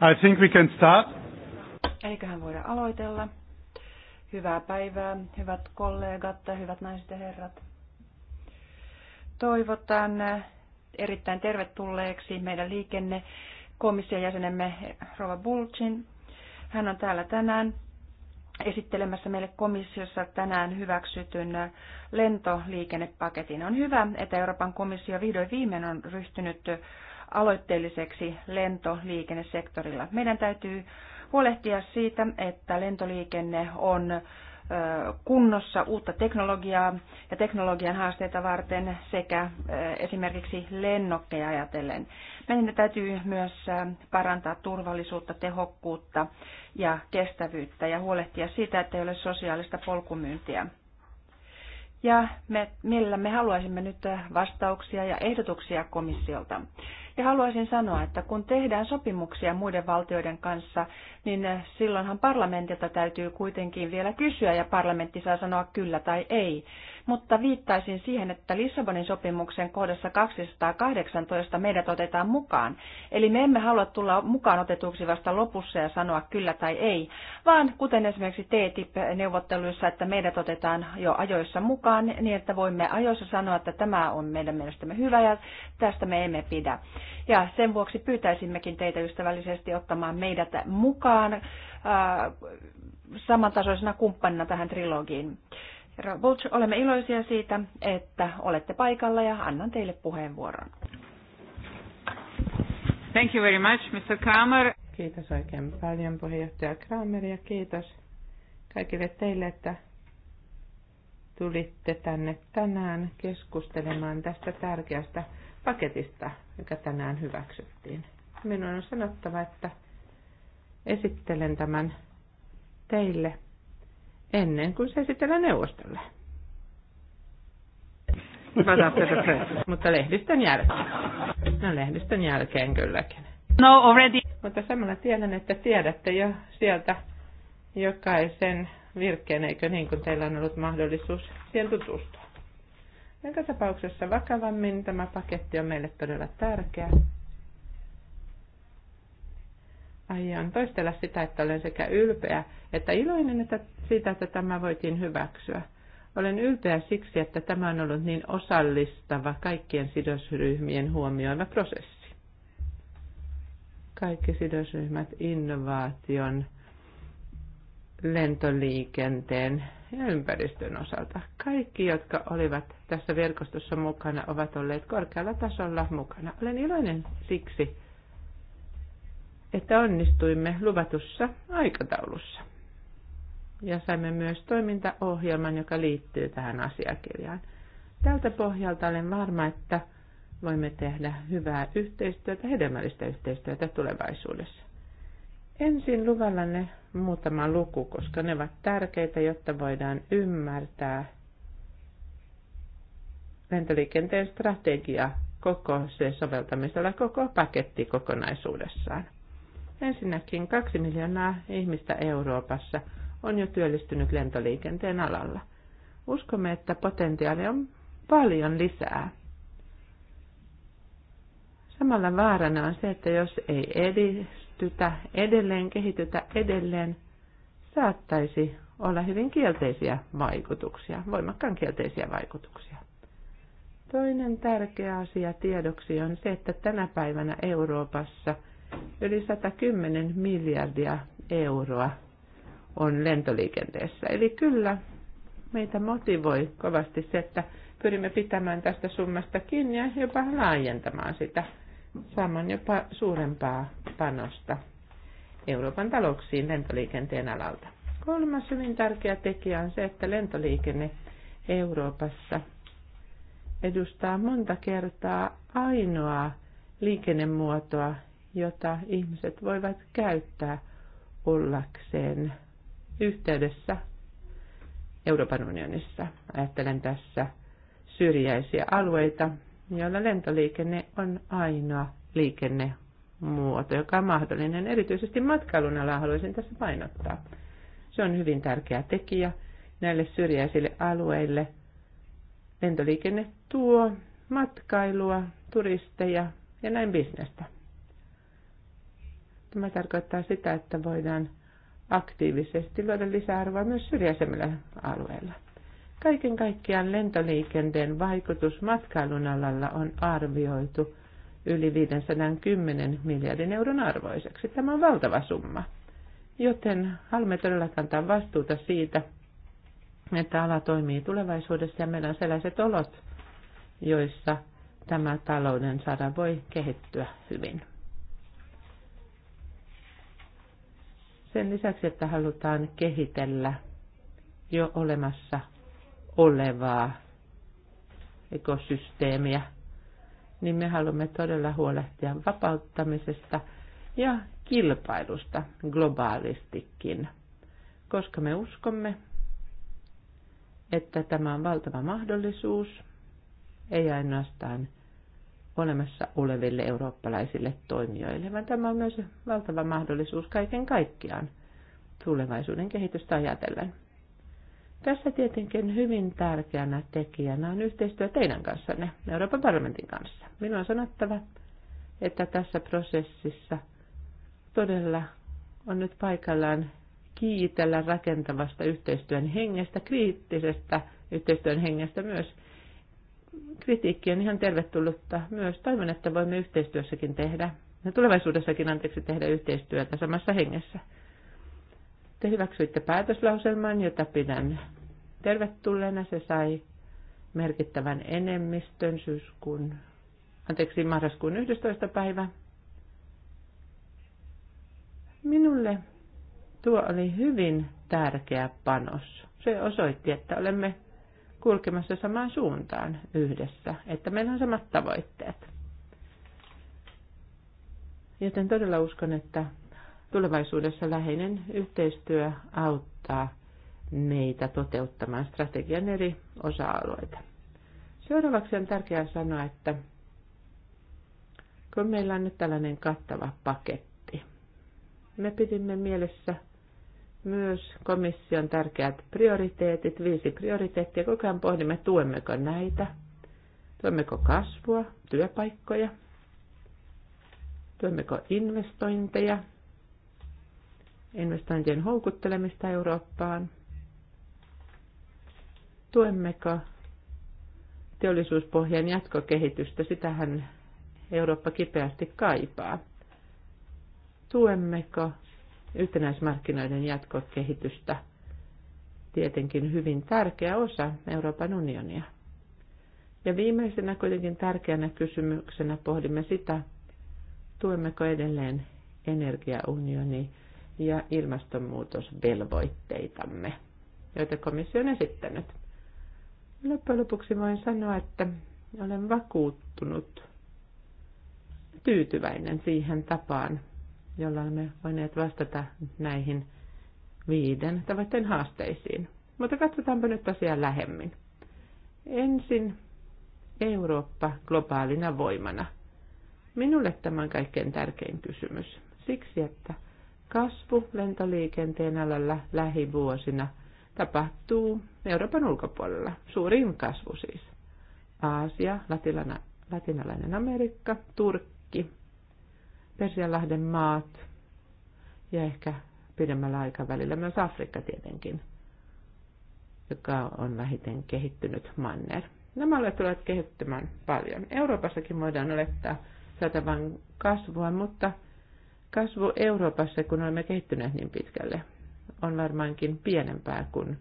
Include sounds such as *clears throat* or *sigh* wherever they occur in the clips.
I think we can start. Eiköhän voida aloitella. Hyvää päivää, hyvät kollegat, hyvät naiset ja herrat. Toivotan erittäin tervetulleeksi meidän liikennekomission jäsenemme Rova Bulcin. Hän on täällä tänään esittelemässä meille komissiossa tänään hyväksytyn lentoliikennepaketin. On hyvä, että Euroopan komissio vihdoin viimein on ryhtynyt aloitteelliseksi lentoliikennesektorilla. Meidän täytyy huolehtia siitä, että lentoliikenne on kunnossa uutta teknologiaa ja teknologian haasteita varten sekä esimerkiksi lennokkeja ajatellen. Meidän täytyy myös parantaa turvallisuutta, tehokkuutta ja kestävyyttä ja huolehtia siitä, että ei ole sosiaalista polkumyyntiä. Ja me, millä me haluaisimme nyt vastauksia ja ehdotuksia komissiolta. Ja haluaisin sanoa, että kun tehdään sopimuksia muiden valtioiden kanssa, niin silloinhan parlamentilta täytyy kuitenkin vielä kysyä ja parlamentti saa sanoa kyllä tai ei mutta viittaisin siihen, että Lissabonin sopimuksen kohdassa 218 meidät otetaan mukaan. Eli me emme halua tulla mukaan otetuksi vasta lopussa ja sanoa kyllä tai ei, vaan kuten esimerkiksi TTIP-neuvotteluissa, että meidät otetaan jo ajoissa mukaan niin, että voimme ajoissa sanoa, että tämä on meidän mielestämme hyvä ja tästä me emme pidä. Ja sen vuoksi pyytäisimmekin teitä ystävällisesti ottamaan meidät mukaan äh, samantasoisena kumppanina tähän trilogiin. Herra Bulch, olemme iloisia siitä, että olette paikalla ja annan teille puheenvuoron. Thank you very much, Mr. Kramer. Kiitos oikein paljon puheenjohtaja Kramer ja kiitos kaikille teille, että tulitte tänne tänään keskustelemaan tästä tärkeästä paketista, joka tänään hyväksyttiin. Minun on sanottava, että esittelen tämän teille ennen kuin se esitellään neuvostolle. Mutta lehdistön jälkeen. No lehdistön jälkeen kylläkin. No already. Mutta samalla tiedän, että tiedätte jo sieltä jokaisen virkkeen, eikö niin kuin teillä on ollut mahdollisuus siihen tutustua. Joka tapauksessa vakavammin tämä paketti on meille todella tärkeä aion toistella sitä, että olen sekä ylpeä että iloinen että siitä, että tämä voitiin hyväksyä. Olen ylpeä siksi, että tämä on ollut niin osallistava kaikkien sidosryhmien huomioiva prosessi. Kaikki sidosryhmät, innovaation, lentoliikenteen ja ympäristön osalta. Kaikki, jotka olivat tässä verkostossa mukana, ovat olleet korkealla tasolla mukana. Olen iloinen siksi, että onnistuimme luvatussa aikataulussa. Ja saimme myös toimintaohjelman, joka liittyy tähän asiakirjaan. Tältä pohjalta olen varma, että voimme tehdä hyvää yhteistyötä, hedelmällistä yhteistyötä tulevaisuudessa. Ensin luvallanne muutama luku, koska ne ovat tärkeitä, jotta voidaan ymmärtää lentoliikenteen strategia koko se soveltamisella, koko paketti kokonaisuudessaan. Ensinnäkin kaksi miljoonaa ihmistä Euroopassa on jo työllistynyt lentoliikenteen alalla. Uskomme, että potentiaalia on paljon lisää. Samalla vaarana on se, että jos ei edistytä edelleen, kehitytä edelleen, saattaisi olla hyvin kielteisiä vaikutuksia, voimakkaan kielteisiä vaikutuksia. Toinen tärkeä asia tiedoksi on se, että tänä päivänä Euroopassa – Yli 110 miljardia euroa on lentoliikenteessä. Eli kyllä meitä motivoi kovasti se, että pyrimme pitämään tästä summasta kiinni ja jopa laajentamaan sitä, saamaan jopa suurempaa panosta Euroopan talouksiin lentoliikenteen alalta. Kolmas hyvin tärkeä tekijä on se, että lentoliikenne Euroopassa edustaa monta kertaa ainoaa liikennemuotoa, jota ihmiset voivat käyttää ollakseen yhteydessä Euroopan unionissa. Ajattelen tässä syrjäisiä alueita, joilla lentoliikenne on ainoa liikennemuoto, joka on mahdollinen. Erityisesti matkailun alaa haluaisin tässä painottaa. Se on hyvin tärkeä tekijä näille syrjäisille alueille. Lentoliikenne tuo matkailua, turisteja ja näin bisnestä. Tämä tarkoittaa sitä, että voidaan aktiivisesti luoda lisäarvoa myös syrjäisemmillä alueilla. Kaiken kaikkiaan lentoliikenteen vaikutus matkailun alalla on arvioitu yli 510 miljardin euron arvoiseksi. Tämä on valtava summa. Joten haluamme todella kantaa vastuuta siitä, että ala toimii tulevaisuudessa ja meillä on sellaiset olot, joissa tämä talouden saada voi kehittyä hyvin. sen lisäksi, että halutaan kehitellä jo olemassa olevaa ekosysteemiä, niin me haluamme todella huolehtia vapauttamisesta ja kilpailusta globaalistikin, koska me uskomme, että tämä on valtava mahdollisuus, ei ainoastaan olemassa oleville eurooppalaisille toimijoille, vaan tämä on myös valtava mahdollisuus kaiken kaikkiaan tulevaisuuden kehitystä ajatellen. Tässä tietenkin hyvin tärkeänä tekijänä on yhteistyö teidän kanssanne, Euroopan parlamentin kanssa. Minun on sanottava, että tässä prosessissa todella on nyt paikallaan kiitellä rakentavasta yhteistyön hengestä, kriittisestä yhteistyön hengestä myös – kritiikki on ihan tervetullutta myös. Toivon, että voimme yhteistyössäkin tehdä, ja tulevaisuudessakin anteeksi tehdä yhteistyötä samassa hengessä. Te hyväksyitte päätöslauselman, jota pidän tervetulleena. Se sai merkittävän enemmistön syyskuun, anteeksi, marraskuun 11. päivä. Minulle tuo oli hyvin tärkeä panos. Se osoitti, että olemme kulkemassa samaan suuntaan yhdessä, että meillä on samat tavoitteet. Joten todella uskon, että tulevaisuudessa läheinen yhteistyö auttaa meitä toteuttamaan strategian eri osa-alueita. Seuraavaksi on tärkeää sanoa, että kun meillä on nyt tällainen kattava paketti, me pidimme mielessä – myös komission tärkeät prioriteetit, viisi prioriteettia. Koko ajan pohdimme, tuemmeko näitä, tuemmeko kasvua, työpaikkoja, tuemmeko investointeja, investointien houkuttelemista Eurooppaan, tuemmeko teollisuuspohjan jatkokehitystä, sitähän Eurooppa kipeästi kaipaa. Tuemmeko yhtenäismarkkinoiden jatkokehitystä tietenkin hyvin tärkeä osa Euroopan unionia. Ja viimeisenä kuitenkin tärkeänä kysymyksenä pohdimme sitä, tuemmeko edelleen energiaunioni ja ilmastonmuutosvelvoitteitamme, joita komissio on esittänyt. Loppujen lopuksi voin sanoa, että olen vakuuttunut, tyytyväinen siihen tapaan, jolla olemme voineet vastata näihin viiden tavoitteen haasteisiin. Mutta katsotaanpa nyt asiaa lähemmin. Ensin Eurooppa globaalina voimana. Minulle tämä on kaikkein tärkein kysymys. Siksi, että kasvu lentoliikenteen alalla lähivuosina tapahtuu Euroopan ulkopuolella. Suurin kasvu siis. Aasia, Latinalainen Amerikka, Turkki, Persianlahden maat ja ehkä pidemmällä aikavälillä myös Afrikka tietenkin, joka on vähiten kehittynyt manner. Nämä alueet tulevat kehittymään paljon. Euroopassakin voidaan olettaa saatavan kasvua, mutta kasvu Euroopassa, kun olemme kehittyneet niin pitkälle, on varmaankin pienempää kuin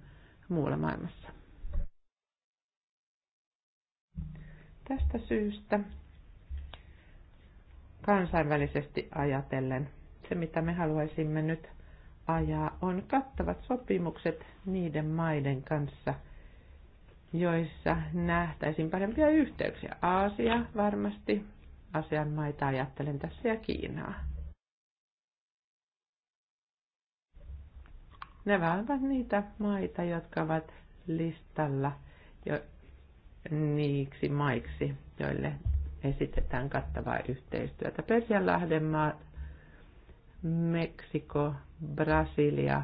muulla maailmassa. Tästä syystä kansainvälisesti ajatellen. Se, mitä me haluaisimme nyt ajaa, on kattavat sopimukset niiden maiden kanssa, joissa nähtäisiin parempia yhteyksiä. Aasia varmasti, asian maita ajattelen tässä ja Kiinaa. Nämä ovat niitä maita, jotka ovat listalla jo niiksi maiksi, joille esitetään kattavaa yhteistyötä. Persianlahden maat, Meksiko, Brasilia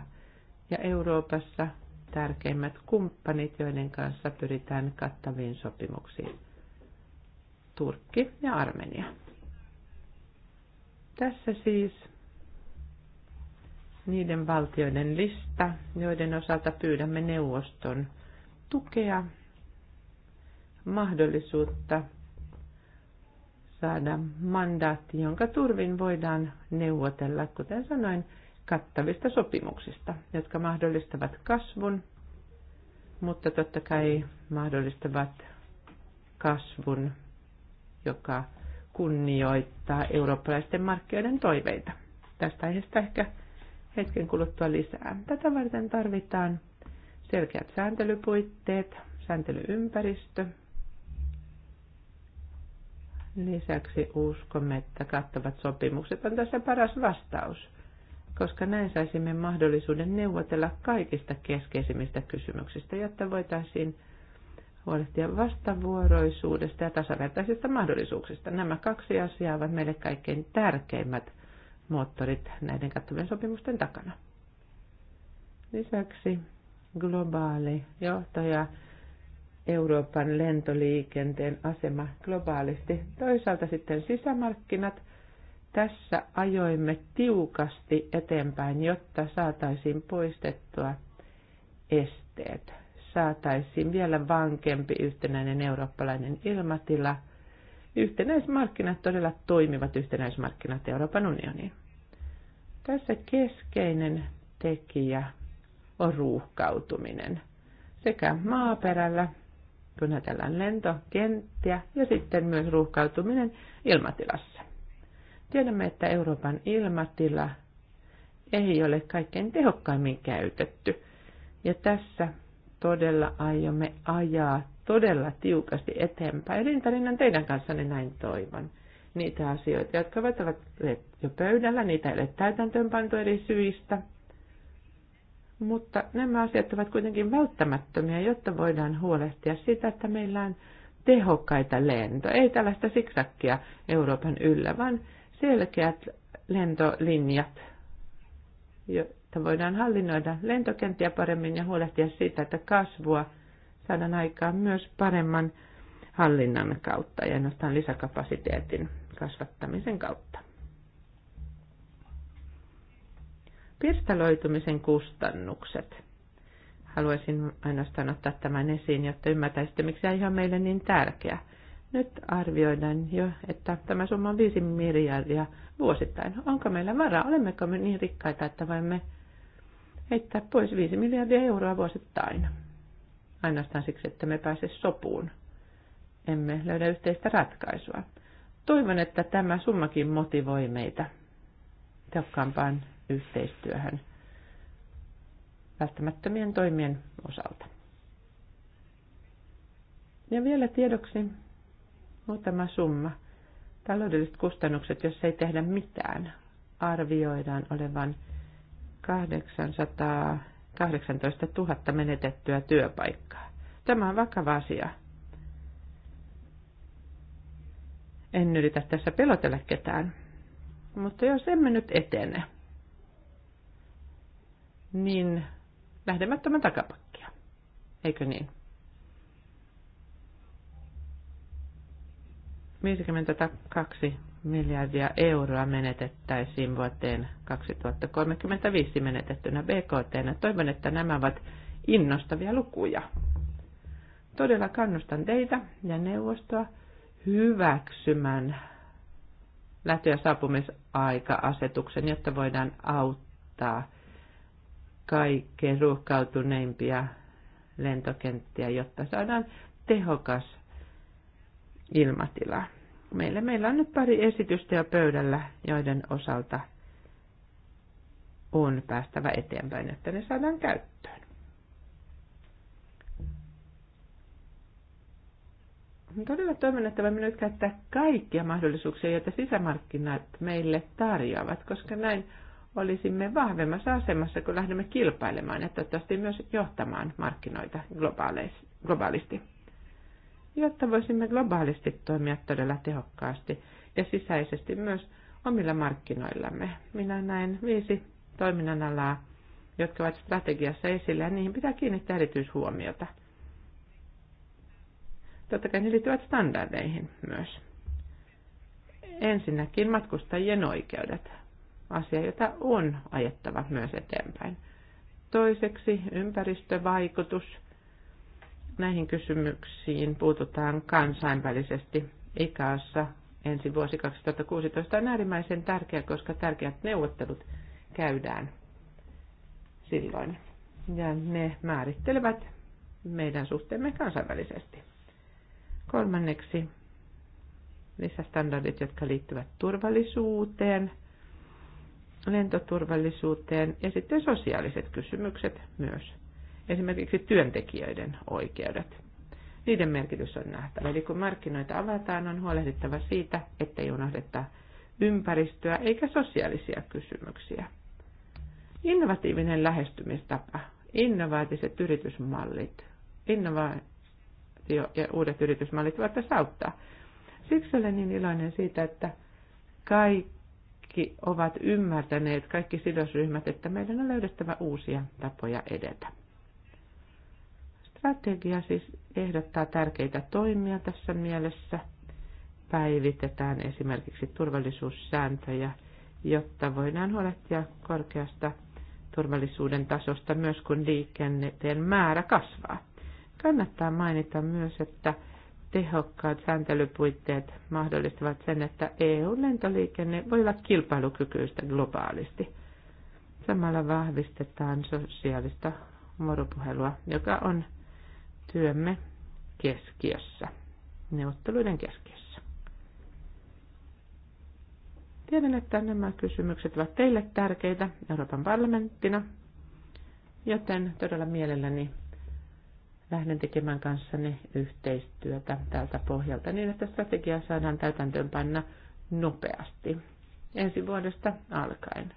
ja Euroopassa tärkeimmät kumppanit, joiden kanssa pyritään kattaviin sopimuksiin. Turkki ja Armenia. Tässä siis niiden valtioiden lista, joiden osalta pyydämme neuvoston tukea, mahdollisuutta saada mandaatti, jonka turvin voidaan neuvotella, kuten sanoin, kattavista sopimuksista, jotka mahdollistavat kasvun, mutta totta kai mahdollistavat kasvun, joka kunnioittaa eurooppalaisten markkinoiden toiveita. Tästä aiheesta ehkä hetken kuluttua lisää. Tätä varten tarvitaan selkeät sääntelypuitteet, sääntelyympäristö, Lisäksi uskomme, että kattavat sopimukset on tässä paras vastaus, koska näin saisimme mahdollisuuden neuvotella kaikista keskeisimmistä kysymyksistä, jotta voitaisiin huolehtia vastavuoroisuudesta ja tasavertaisista mahdollisuuksista. Nämä kaksi asiaa ovat meille kaikkein tärkeimmät moottorit näiden kattavien sopimusten takana. Lisäksi globaali johtaja Euroopan lentoliikenteen asema globaalisti. Toisaalta sitten sisämarkkinat. Tässä ajoimme tiukasti eteenpäin, jotta saataisiin poistettua esteet. Saataisiin vielä vankempi yhtenäinen eurooppalainen ilmatila. Yhtenäismarkkinat todella toimivat yhtenäismarkkinat Euroopan unioniin. Tässä keskeinen tekijä on ruuhkautuminen sekä maaperällä kun ajatellaan lentokenttiä ja sitten myös ruuhkautuminen ilmatilassa. Tiedämme, että Euroopan ilmatila ei ole kaikkein tehokkaimmin käytetty. Ja tässä todella aiomme ajaa todella tiukasti eteenpäin. Rintarinnan teidän kanssanne näin toivon. Niitä asioita, jotka ovat jo pöydällä, niitä ei ole täytäntöönpantu eri syistä – mutta nämä asiat ovat kuitenkin välttämättömiä, jotta voidaan huolehtia siitä, että meillä on tehokkaita lento. Ei tällaista siksakkia Euroopan yllä, vaan selkeät lentolinjat, jotta voidaan hallinnoida lentokenttiä paremmin ja huolehtia siitä, että kasvua saadaan aikaan myös paremman hallinnan kautta ja ainoastaan lisäkapasiteetin kasvattamisen kautta. Pirstaloitumisen kustannukset. Haluaisin ainoastaan ottaa tämän esiin, jotta ymmärtäisitte, miksi se on meille niin tärkeä. Nyt arvioidaan jo, että tämä summa on 5 miljardia vuosittain. Onko meillä varaa? Olemmeko me niin rikkaita, että voimme heittää pois 5 miljardia euroa vuosittain? Ainoastaan siksi, että me pääse sopuun. Emme löydä yhteistä ratkaisua. Toivon, että tämä summakin motivoi meitä tehokkaampaan yhteistyöhön välttämättömien toimien osalta. Ja vielä tiedoksi muutama summa. Taloudelliset kustannukset, jos ei tehdä mitään, arvioidaan olevan 818 000 menetettyä työpaikkaa. Tämä on vakava asia. En yritä tässä pelotella ketään, mutta jos emme nyt etene, niin lähdemättömän takapakkia. Eikö niin? 52 miljardia euroa menetettäisiin vuoteen 2035 menetettynä BKT. Toivon, että nämä ovat innostavia lukuja. Todella kannustan teitä ja neuvostoa hyväksymään lähtö- ja saapumisaika-asetuksen, jotta voidaan auttaa – kaikkein ruuhkautuneimpia lentokenttiä, jotta saadaan tehokas ilmatila. Meillä, meillä on nyt pari esitystä jo pöydällä, joiden osalta on päästävä eteenpäin, että ne saadaan käyttöön. Todella toivon, että voimme nyt käyttää kaikkia mahdollisuuksia, joita sisämarkkinat meille tarjoavat, koska näin olisimme vahvemmassa asemassa, kun lähdemme kilpailemaan ja toivottavasti myös johtamaan markkinoita globaalisti. Jotta voisimme globaalisti toimia todella tehokkaasti ja sisäisesti myös omilla markkinoillamme. Minä näen viisi toiminnan alaa, jotka ovat strategiassa esillä ja niihin pitää kiinnittää erityishuomiota. Totta kai ne liittyvät standardeihin myös. Ensinnäkin matkustajien oikeudet asia, jota on ajettava myös eteenpäin. Toiseksi ympäristövaikutus. Näihin kysymyksiin puututaan kansainvälisesti ikässä ensi vuosi 2016 on äärimmäisen tärkeä, koska tärkeät neuvottelut käydään silloin. Ja ne määrittelevät meidän suhteemme kansainvälisesti. Kolmanneksi lisästandardit, jotka liittyvät turvallisuuteen – lentoturvallisuuteen ja sitten sosiaaliset kysymykset myös. Esimerkiksi työntekijöiden oikeudet. Niiden merkitys on nähtävä. Eli kun markkinoita avataan, on huolehdittava siitä, ettei unohdeta ympäristöä eikä sosiaalisia kysymyksiä. Innovatiivinen lähestymistapa, innovaatiset yritysmallit, innovaatio ja uudet yritysmallit voivat tässä auttaa. Siksi olen niin iloinen siitä, että kaikki kaikki ovat ymmärtäneet, kaikki sidosryhmät, että meidän on löydettävä uusia tapoja edetä. Strategia siis ehdottaa tärkeitä toimia tässä mielessä. Päivitetään esimerkiksi turvallisuussääntöjä, jotta voidaan huolehtia korkeasta turvallisuuden tasosta myös kun liikenteen määrä kasvaa. Kannattaa mainita myös, että tehokkaat sääntelypuitteet mahdollistavat sen, että EU-lentoliikenne voi olla kilpailukykyistä globaalisti. Samalla vahvistetaan sosiaalista vuoropuhelua, joka on työmme keskiössä, neuvotteluiden keskiössä. Tiedän, että nämä kysymykset ovat teille tärkeitä Euroopan parlamenttina, joten todella mielelläni lähden tekemään kanssanne yhteistyötä tältä pohjalta niin, että strategia saadaan täytäntöönpanna nopeasti ensi vuodesta alkaen.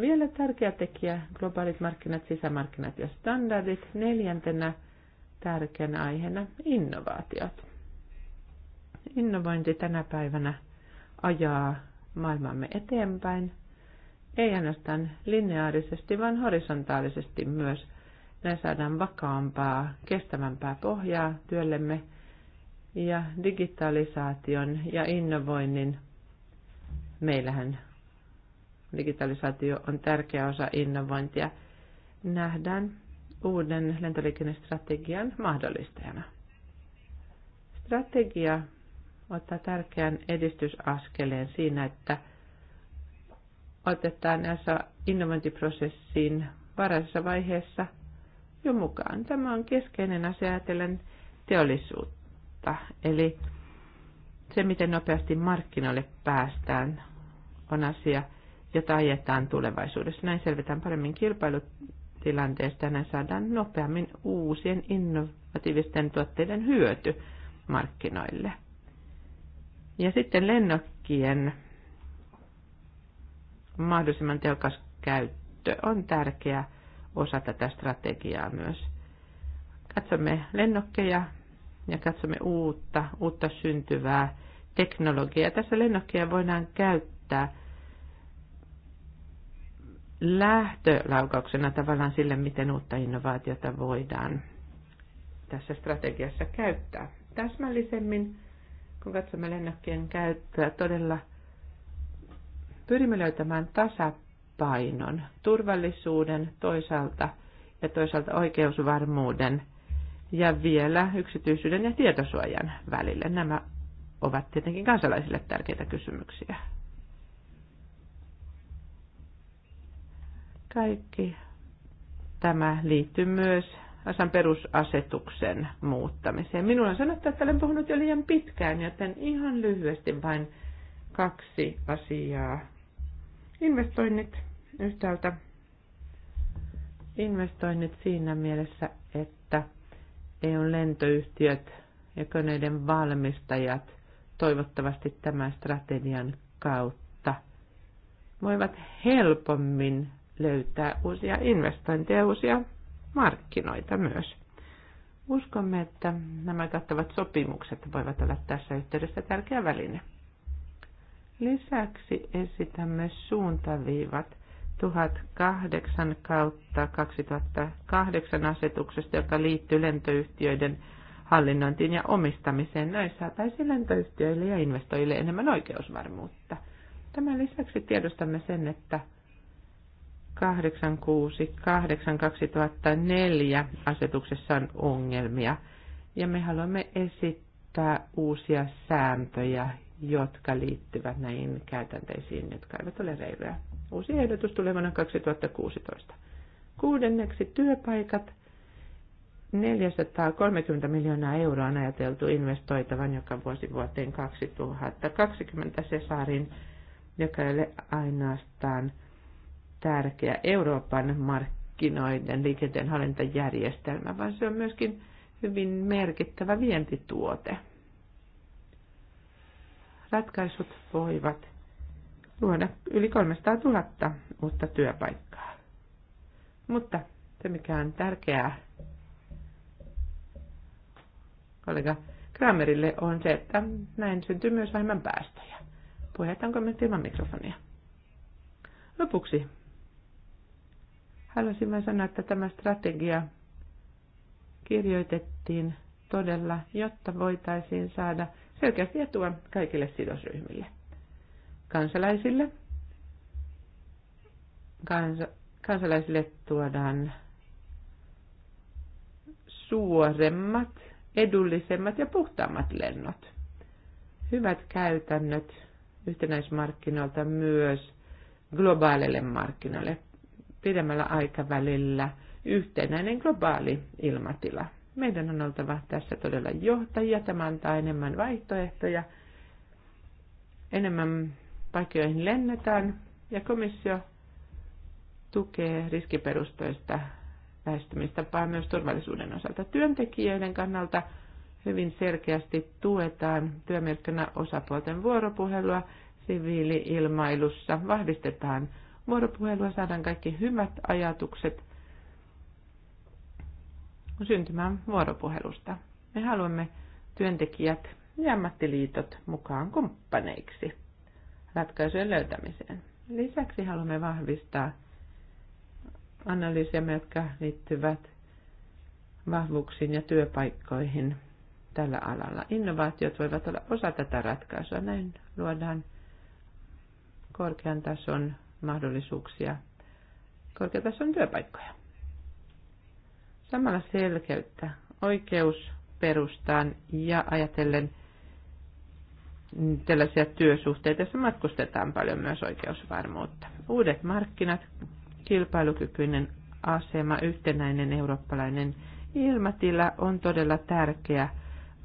Vielä tärkeä tekijä, globaalit markkinat, sisämarkkinat ja standardit. Neljäntenä tärkeänä aiheena innovaatiot. Innovointi tänä päivänä ajaa maailmamme eteenpäin, ei ainoastaan lineaarisesti, vaan horisontaalisesti myös näin saadaan vakaampaa, kestävämpää pohjaa työllemme ja digitalisaation ja innovoinnin. Meillähän digitalisaatio on tärkeä osa innovointia. Nähdään uuden lentoliikennestrategian mahdollistajana. Strategia ottaa tärkeän edistysaskeleen siinä, että otetaan näissä innovointiprosessiin varhaisessa vaiheessa – jo mukaan. Tämä on keskeinen asia ajatellen teollisuutta, eli se, miten nopeasti markkinoille päästään, on asia, jota ajetaan tulevaisuudessa. Näin selvitään paremmin kilpailutilanteesta ja näin saadaan nopeammin uusien innovatiivisten tuotteiden hyöty markkinoille. Ja sitten lennokkien mahdollisimman tehokas käyttö on tärkeää osa tätä strategiaa myös. Katsomme lennokkeja ja katsomme uutta, uutta syntyvää teknologiaa. Tässä lennokkeja voidaan käyttää lähtölaukauksena tavallaan sille, miten uutta innovaatiota voidaan tässä strategiassa käyttää. Täsmällisemmin, kun katsomme lennokkien käyttöä, todella pyrimme löytämään tasapainoa painon turvallisuuden toisaalta ja toisaalta oikeusvarmuuden ja vielä yksityisyyden ja tietosuojan välille. Nämä ovat tietenkin kansalaisille tärkeitä kysymyksiä. Kaikki tämä liittyy myös asan perusasetuksen muuttamiseen. Minulla on sanottu, että olen puhunut jo liian pitkään, joten ihan lyhyesti vain kaksi asiaa Investoinnit yhtäältä. Investoinnit siinä mielessä, että EUn lentoyhtiöt ja koneiden valmistajat toivottavasti tämän strategian kautta voivat helpommin löytää uusia investointeja ja uusia markkinoita myös. Uskomme, että nämä kattavat sopimukset voivat olla tässä yhteydessä tärkeä väline. Lisäksi esitämme suuntaviivat 1008 kautta 2008 asetuksesta, joka liittyy lentoyhtiöiden hallinnointiin ja omistamiseen. Näin saataisiin lentoyhtiöille ja investoijille enemmän oikeusvarmuutta. Tämän lisäksi tiedostamme sen, että 868-2004 asetuksessa on ongelmia ja me haluamme esittää uusia sääntöjä, jotka liittyvät näihin käytänteisiin, jotka eivät ole reiluja. Uusi ehdotus tulee vuonna 2016. Kuudenneksi työpaikat. 430 miljoonaa euroa on ajateltu investoitavan joka vuosi vuoteen 2020 Cesarin, joka ei ole ainoastaan tärkeä Euroopan markkinoiden liikenteen hallintajärjestelmä, vaan se on myöskin hyvin merkittävä vientituote ratkaisut voivat luoda yli 300 000 uutta työpaikkaa. Mutta se mikä on tärkeää kollega Kramerille on se, että näin syntyy myös vähemmän päästöjä. Puhetaanko kommentti ilman mikrofonia. Lopuksi haluaisin vain sanoa, että tämä strategia kirjoitettiin todella, jotta voitaisiin saada – selkeästi etua kaikille sidosryhmille. Kansalaisille. kans, kansalaisille tuodaan suoremmat, edullisemmat ja puhtaammat lennot. Hyvät käytännöt yhtenäismarkkinoilta myös globaaleille markkinoille pidemmällä aikavälillä yhtenäinen globaali ilmatila. Meidän on oltava tässä todella johtajia. Tämä antaa enemmän vaihtoehtoja. Enemmän paikkoihin lennetään ja komissio tukee riskiperustoista lähestymistapaa myös turvallisuuden osalta. Työntekijöiden kannalta hyvin selkeästi tuetaan työmerkkinä osapuolten vuoropuhelua siviiliilmailussa, vahvistetaan vuoropuhelua, saadaan kaikki hyvät ajatukset syntymään vuoropuhelusta. Me haluamme työntekijät ja ammattiliitot mukaan kumppaneiksi ratkaisujen löytämiseen. Lisäksi haluamme vahvistaa analyysiä, jotka liittyvät vahvuuksiin ja työpaikkoihin tällä alalla. Innovaatiot voivat olla osa tätä ratkaisua. Näin luodaan korkean tason mahdollisuuksia, korkean tason työpaikkoja samalla selkeyttä oikeusperustaan ja ajatellen tällaisia työsuhteita, joissa matkustetaan paljon myös oikeusvarmuutta. Uudet markkinat, kilpailukykyinen asema, yhtenäinen eurooppalainen ilmatila on todella tärkeä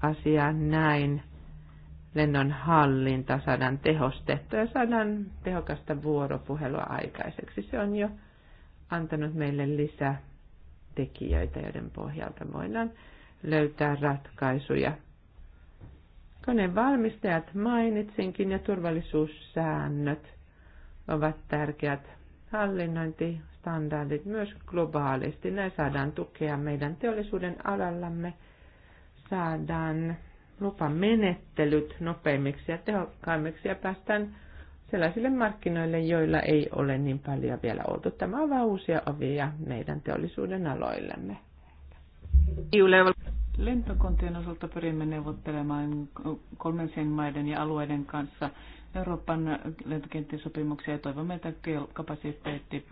asia näin. Lennon hallinta saadaan tehostettua ja saadaan tehokasta vuoropuhelua aikaiseksi. Se on jo antanut meille lisää tekijöitä, joiden pohjalta voidaan löytää ratkaisuja. Koneen valmistajat mainitsinkin ja turvallisuussäännöt ovat tärkeät hallinnointistandardit myös globaalisti. Näin saadaan tukea meidän teollisuuden alallamme, saadaan lupamenettelyt nopeimmiksi ja tehokkaimmiksi ja päästään sellaisille markkinoille, joilla ei ole niin paljon vielä oltu. Tämä avaa uusia ovia meidän teollisuuden aloillemme. Lentokuntien osalta pyrimme neuvottelemaan kolmansien maiden ja alueiden kanssa – Euroopan sopimuksia ja toivomme, että kapasiteetti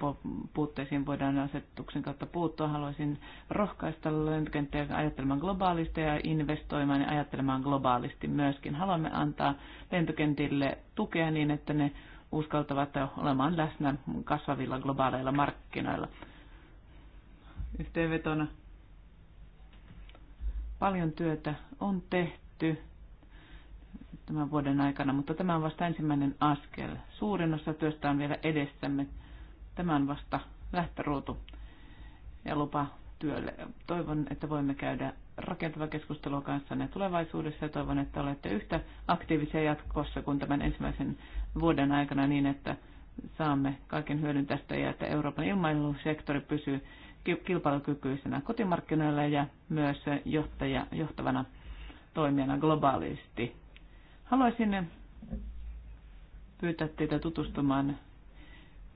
puutteisiin voidaan asetuksen kautta puuttua. Haluaisin rohkaista lentokenttiä ajattelemaan globaalisti ja investoimaan ja ajattelemaan globaalisti myöskin. Haluamme antaa lentokentille tukea niin, että ne uskaltavat olemaan läsnä kasvavilla globaaleilla markkinoilla. Yhteenvetona paljon työtä on tehty tämän vuoden aikana, mutta tämä on vasta ensimmäinen askel. Suurin osa työstä on vielä edessämme. Tämä on vasta lähtöruutu ja lupa työlle. Toivon, että voimme käydä rakentavaa keskustelua kanssanne tulevaisuudessa ja toivon, että olette yhtä aktiivisia jatkossa kuin tämän ensimmäisen vuoden aikana niin, että saamme kaiken hyödyn tästä ja että Euroopan ilmailusektori pysyy kilpailukykyisenä kotimarkkinoilla ja myös johtaja, johtavana toimijana globaalisti. Haluaisin pyytää teitä tutustumaan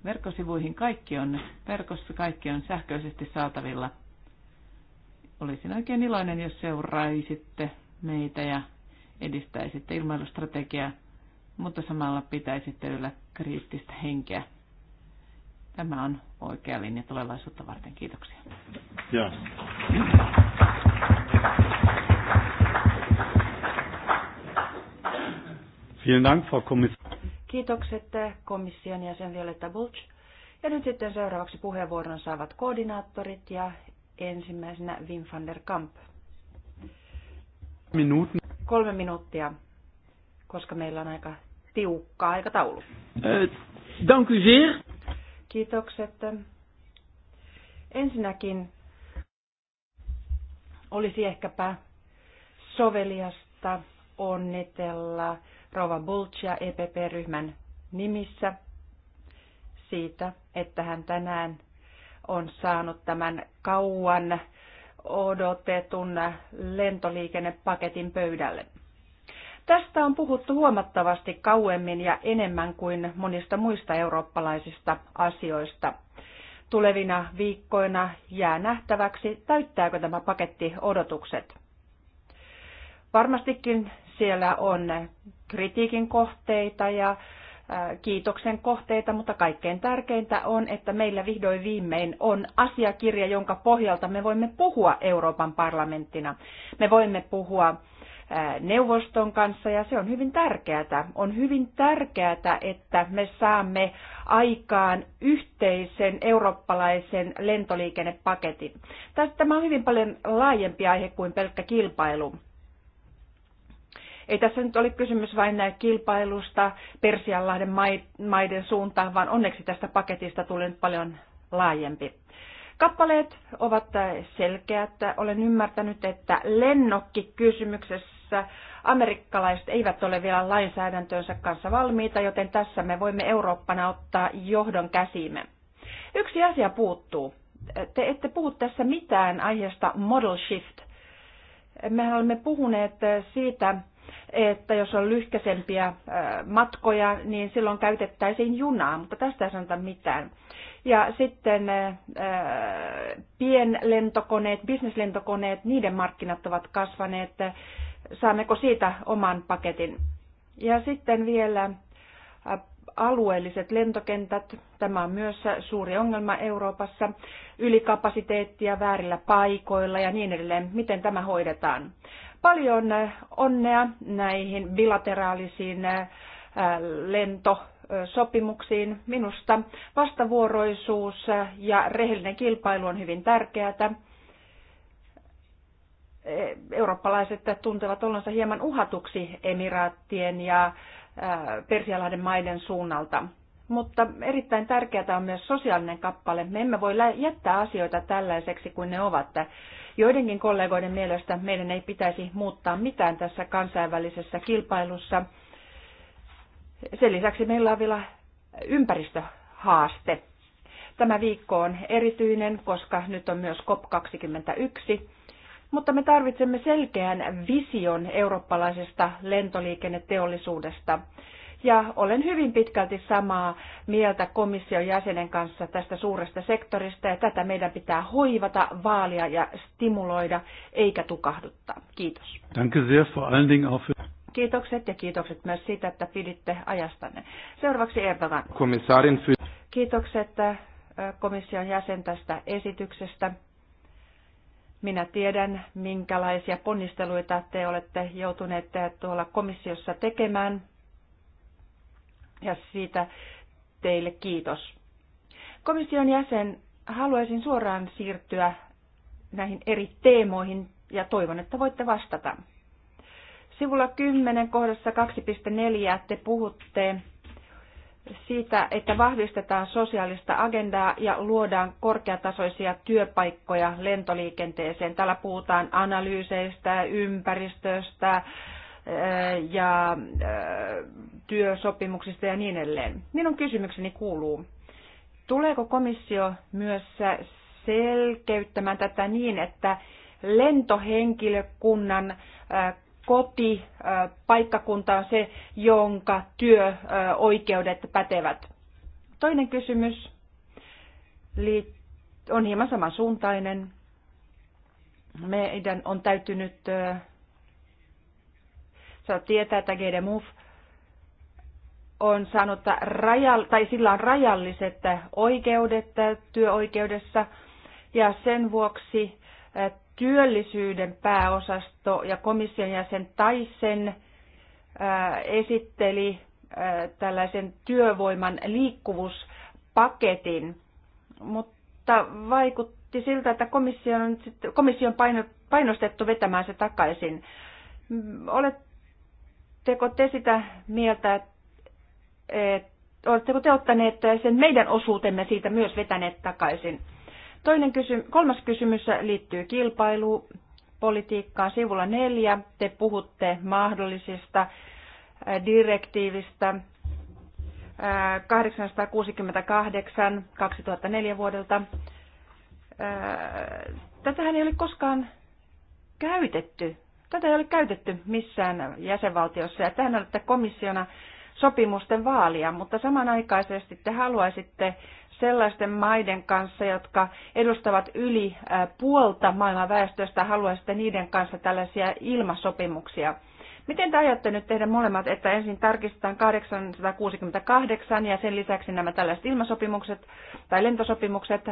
verkkosivuihin. Kaikki on verkossa, kaikki on sähköisesti saatavilla. Olisin oikein iloinen, jos seuraisitte meitä ja edistäisitte ilmailustrategiaa, mutta samalla pitäisitte yllä kriittistä henkeä. Tämä on oikea linja tulevaisuutta varten. Kiitoksia. Ja. Vielen Dank, Frau Kommissarin. Kiitokset eh, komission jäsen Violetta Bulch. Ja nyt sitten seuraavaksi puheenvuoron saavat koordinaattorit ja ensimmäisenä Wim van der Kamp. Minuutin. Kolme minuuttia, koska meillä on aika tiukka aikataulu. Äh, dank u zeer. Kiitokset. Ensinnäkin olisi ehkäpä soveliasta onnitella Rova Bulcia EPP-ryhmän nimissä siitä, että hän tänään on saanut tämän kauan odotetun lentoliikennepaketin pöydälle. Tästä on puhuttu huomattavasti kauemmin ja enemmän kuin monista muista eurooppalaisista asioista. Tulevina viikkoina jää nähtäväksi, täyttääkö tämä paketti odotukset. Varmastikin siellä on kritiikin kohteita ja kiitoksen kohteita, mutta kaikkein tärkeintä on, että meillä vihdoin viimein on asiakirja, jonka pohjalta me voimme puhua Euroopan parlamenttina. Me voimme puhua neuvoston kanssa ja se on hyvin tärkeää. On hyvin tärkeää, että me saamme aikaan yhteisen eurooppalaisen lentoliikennepaketin. Tämä on hyvin paljon laajempi aihe kuin pelkkä kilpailu ei tässä nyt ole kysymys vain kilpailusta Persianlahden maiden suuntaan, vaan onneksi tästä paketista tuli nyt paljon laajempi. Kappaleet ovat äh, selkeät. Olen ymmärtänyt, että lennokkikysymyksessä amerikkalaiset eivät ole vielä lainsäädäntöönsä kanssa valmiita, joten tässä me voimme Eurooppana ottaa johdon käsimme. Yksi asia puuttuu. Te ette puhu tässä mitään aiheesta model shift. Me olemme puhuneet äh, siitä, että jos on lyhkäsempiä äh, matkoja, niin silloin käytettäisiin junaa, mutta tästä ei sanota mitään. Ja sitten äh, äh, pienlentokoneet, bisneslentokoneet, niiden markkinat ovat kasvaneet. Saammeko siitä oman paketin? Ja sitten vielä alueelliset lentokentät. Tämä on myös suuri ongelma Euroopassa. Ylikapasiteettia väärillä paikoilla ja niin edelleen. Miten tämä hoidetaan? paljon onnea näihin bilateraalisiin lentosopimuksiin. Minusta vastavuoroisuus ja rehellinen kilpailu on hyvin tärkeää. E, eurooppalaiset tuntevat olonsa hieman uhatuksi emiraattien ja Persialahden maiden suunnalta. Mutta erittäin tärkeää on myös sosiaalinen kappale. Me emme voi jättää asioita tällaiseksi kuin ne ovat Joidenkin kollegoiden mielestä meidän ei pitäisi muuttaa mitään tässä kansainvälisessä kilpailussa. Sen lisäksi meillä on vielä ympäristöhaaste. Tämä viikko on erityinen, koska nyt on myös COP21, mutta me tarvitsemme selkeän vision eurooppalaisesta lentoliikenneteollisuudesta ja olen hyvin pitkälti samaa mieltä komission jäsenen kanssa tästä suuresta sektorista ja tätä meidän pitää hoivata, vaalia ja stimuloida eikä tukahduttaa. Kiitos. Danke sehr, vor allen Dingen auch für Kiitokset ja kiitokset myös siitä, että piditte ajastanne. Seuraavaksi Erdogan. Komissaarin fy- Kiitokset äh, komission jäsen tästä esityksestä. Minä tiedän, minkälaisia ponnisteluita te olette joutuneet äh, tuolla komissiossa tekemään ja siitä teille kiitos. Komission jäsen, haluaisin suoraan siirtyä näihin eri teemoihin ja toivon, että voitte vastata. Sivulla 10 kohdassa 2.4 te puhutte siitä, että vahvistetaan sosiaalista agendaa ja luodaan korkeatasoisia työpaikkoja lentoliikenteeseen. Täällä puhutaan analyyseistä, ympäristöstä, ja työsopimuksista ja niin edelleen. Minun kysymykseni kuuluu, tuleeko komissio myös selkeyttämään tätä niin, että lentohenkilökunnan kotipaikkakunta on se, jonka työoikeudet pätevät. Toinen kysymys on hieman samansuuntainen. Meidän on täytynyt Saat tietää, että GDMUF on saanut, rajal, tai sillä on rajalliset oikeudet työoikeudessa, ja sen vuoksi työllisyyden pääosasto ja komission jäsen Taisen esitteli tällaisen työvoiman liikkuvuuspaketin, mutta vaikutti siltä, että komission, komission painostettu vetämään se takaisin. Mm, olet oletteko te sitä mieltä, että oletteko te ottaneet sen meidän osuutemme siitä myös vetäneet takaisin? Toinen kysy- kolmas kysymys liittyy kilpailupolitiikkaan. Sivulla neljä te puhutte mahdollisista direktiivistä 868 2004 vuodelta. Tätähän ei ole koskaan käytetty Tätä ei ole käytetty missään jäsenvaltiossa ja tähän olette komissiona sopimusten vaalia, mutta samanaikaisesti te haluaisitte sellaisten maiden kanssa, jotka edustavat yli puolta maailman väestöstä, haluaisitte niiden kanssa tällaisia ilmasopimuksia. Miten te aiotte nyt tehdä molemmat, että ensin tarkistetaan 868 ja sen lisäksi nämä tällaiset ilmasopimukset tai lentosopimukset?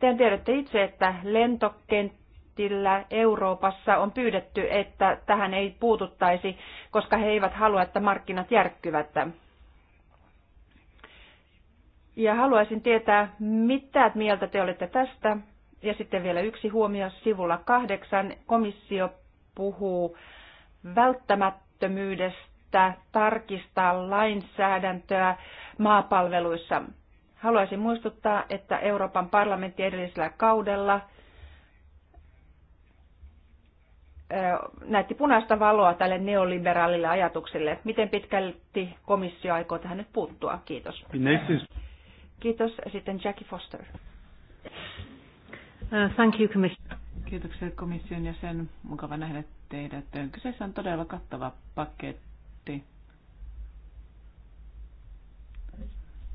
Te tiedätte itse, että lentokenttä parlamentilla Euroopassa on pyydetty, että tähän ei puututtaisi, koska he eivät halua, että markkinat järkkyvät. Ja haluaisin tietää, mitä mieltä te olette tästä. Ja sitten vielä yksi huomio sivulla kahdeksan. Komissio puhuu välttämättömyydestä tarkistaa lainsäädäntöä maapalveluissa. Haluaisin muistuttaa, että Euroopan parlamentti edellisellä kaudella – näytti punaista valoa tälle neoliberaalille ajatukselle. Miten pitkälti komissio aikoo tähän nyt puuttua? Kiitos. Kiitos. Sitten Jackie Foster. Uh, thank you, Kiitoksia komission jäsen. Mukava nähdä teidät. Kyseessä on todella kattava paketti.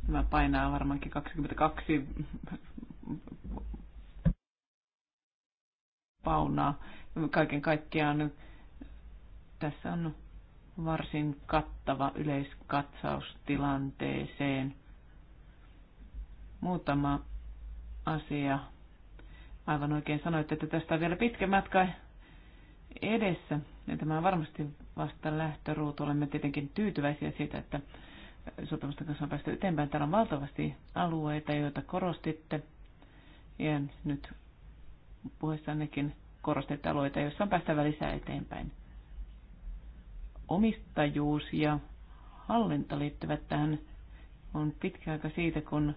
Tämä painaa varmaankin 22 paunaa. Kaiken kaikkiaan tässä on varsin kattava yleiskatsaus tilanteeseen. Muutama asia. Aivan oikein sanoitte, että tästä on vielä pitkä matka edessä. Ja tämä on varmasti vasta lähtöruutu. Olemme tietenkin tyytyväisiä siitä, että sopimusten kanssa on päästy eteenpäin. Täällä on valtavasti alueita, joita korostitte. Ja nyt puheessannekin korostettu alueita, joissa on päästävä lisää eteenpäin. Omistajuus ja hallinta liittyvät tähän on pitkä aika siitä, kun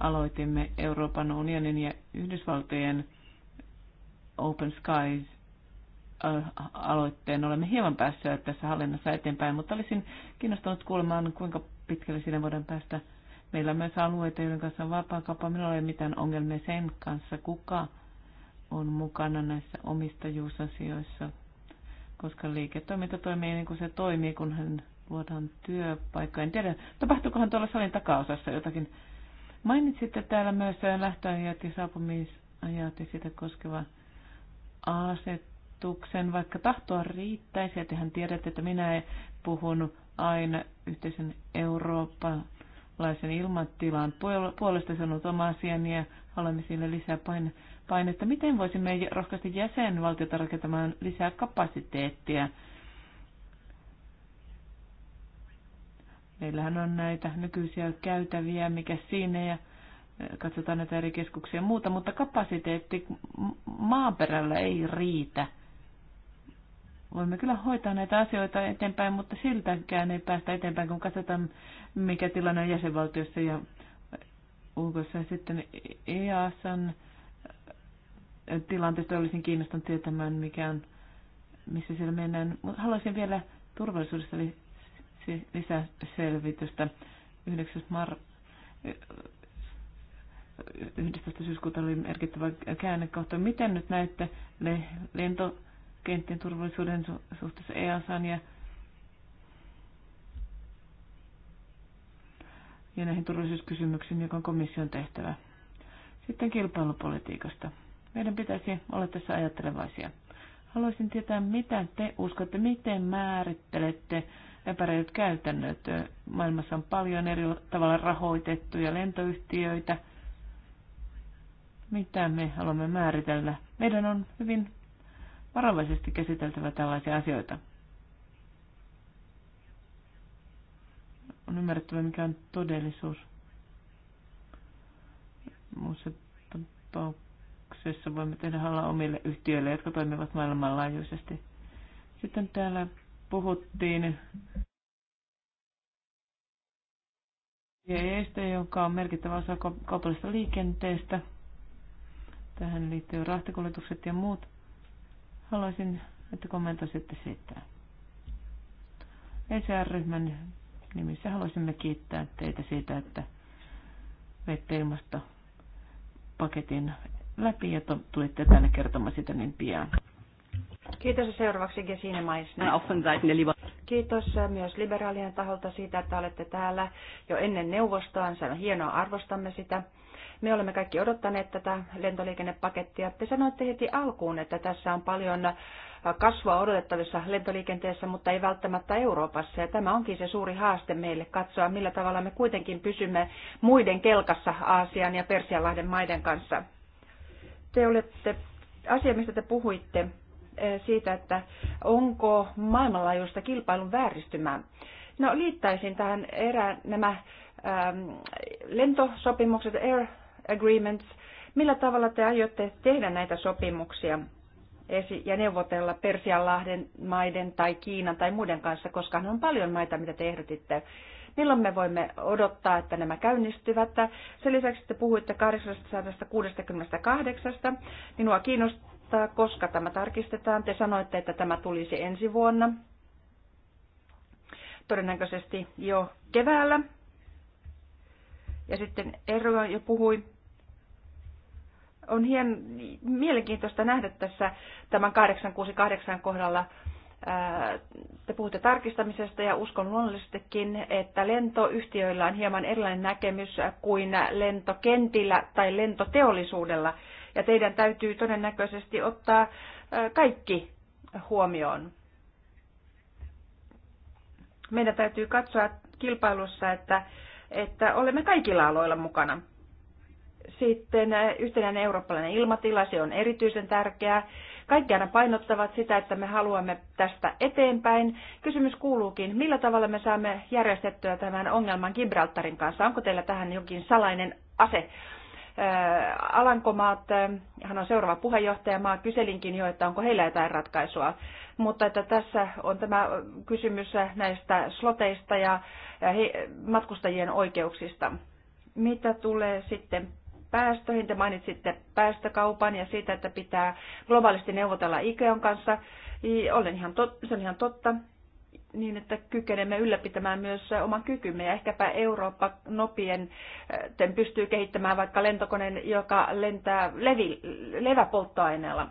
aloitimme Euroopan unionin ja Yhdysvaltojen Open Skies äh, aloitteen. Olemme hieman päässeet tässä hallinnassa eteenpäin, mutta olisin kiinnostunut kuulemaan, kuinka pitkälle siinä voidaan päästä. Meillä on myös alueita, joiden kanssa on vapaakauppa. Minulla ei ole mitään ongelmia sen kanssa, kuka on mukana näissä omistajuusasioissa, koska liiketoiminta toimii niin kuin se toimii, kun hän luodaan työpaikka. En tiedä, tapahtuikohan tuolla salin takaosassa jotakin. Mainitsitte täällä myös lähtöajat ja saapumisajat ja sitä koskeva asetuksen, vaikka tahtoa riittäisi, että hän tiedätte, että minä puhunut aina yhteisen eurooppalaisen ilmatilan puolesta sanonut oma asiani ja olemme sille lisää paine painetta. Miten voisimme rohkaista jäsenvaltiota rakentamaan lisää kapasiteettia? Meillähän on näitä nykyisiä käytäviä, mikä siinä ja eh, katsotaan näitä eri keskuksia ja muuta, mutta kapasiteetti maaperällä ei riitä. Voimme kyllä hoitaa näitä asioita eteenpäin, mutta siltäkään ei päästä eteenpäin, kun katsotaan, mikä tilanne on jäsenvaltiossa ja ulkoissa. Sitten EASan e tilanteesta olisin kiinnostunut tietämään, mikä on, missä siellä mennään. Haluaisin vielä turvallisuudesta selvitystä 9. Mar- 11. syyskuuta oli merkittävä käännekohta. Miten nyt näette lentokenttien turvallisuuden su- suhteessa EASAan ja, ja näihin turvallisuuskysymyksiin, joka on komission tehtävä? Sitten kilpailupolitiikasta. Meidän pitäisi olla tässä ajattelevaisia. Haluaisin tietää, mitä te uskotte, miten määrittelette epäreilut käytännöt. Maailmassa on paljon eri tavalla rahoitettuja lentoyhtiöitä. Mitä me haluamme määritellä? Meidän on hyvin varovaisesti käsiteltävä tällaisia asioita. On ymmärrettävä, mikä on todellisuus. Muussa tapauksessa jossa voimme tehdä halla omille yhtiöille, jotka toimivat maailmanlaajuisesti. Sitten täällä puhuttiin e este, joka on merkittävä osa kaupallisesta liikenteestä. Tähän liittyy rahtikuljetukset ja muut. Haluaisin, että kommentoisitte sitä. ECR-ryhmän nimissä haluaisimme kiittää teitä siitä, että vette ilmastopaketin läpi ja tulitte tänne kertomaan sitä niin pian. Kiitos seuraavaksi Gesine Maisner. Kiitos äh, myös liberaalien taholta siitä, että olette täällä jo ennen neuvostoa. Se on hienoa, arvostamme sitä. Me olemme kaikki odottaneet tätä lentoliikennepakettia. Te sanoitte heti alkuun, että tässä on paljon äh, kasvua odotettavissa lentoliikenteessä, mutta ei välttämättä Euroopassa. Ja tämä onkin se suuri haaste meille katsoa, millä tavalla me kuitenkin pysymme muiden kelkassa Aasian ja Persianlahden maiden kanssa te olette, asia mistä te puhuitte, eh, siitä, että onko maailmanlaajuista kilpailun vääristymää. No liittäisin tähän erään nämä ähm, lentosopimukset, air agreements. Millä tavalla te aiotte tehdä näitä sopimuksia ja neuvotella Persianlahden maiden tai Kiinan tai muiden kanssa, koska on paljon maita, mitä te ehdotitte Milloin me voimme odottaa, että nämä käynnistyvät? Sen lisäksi te puhuitte 868. Minua kiinnostaa, koska tämä tarkistetaan. Te sanoitte, että tämä tulisi ensi vuonna. Todennäköisesti jo keväällä. Ja sitten Ero jo puhui on hien, mielenkiintoista nähdä tässä tämän 868 kohdalla te puhutte tarkistamisesta ja uskon luonnollisestikin, että lentoyhtiöillä on hieman erilainen näkemys kuin lentokentillä tai lentoteollisuudella. Ja teidän täytyy todennäköisesti ottaa kaikki huomioon. Meidän täytyy katsoa kilpailussa, että, että olemme kaikilla aloilla mukana. Sitten yhtenäinen eurooppalainen ilmatila, se on erityisen tärkeää kaikki aina painottavat sitä, että me haluamme tästä eteenpäin. Kysymys kuuluukin, millä tavalla me saamme järjestettyä tämän ongelman Gibraltarin kanssa? Onko teillä tähän jokin salainen ase? Äh, Alankomaat, äh, hän on seuraava puheenjohtajamaa, kyselinkin jo, että onko heillä jotain ratkaisua. Mutta että tässä on tämä kysymys näistä sloteista ja matkustajien oikeuksista. Mitä tulee sitten päästöihin. Te mainitsitte päästökaupan ja siitä, että pitää globaalisti neuvotella IKEON kanssa. Olen ihan tot, se on ihan totta niin, että kykenemme ylläpitämään myös oman kykymme ja ehkäpä Eurooppa nopien eh, pystyy kehittämään vaikka lentokoneen, joka lentää levi, leväpolttoaineella.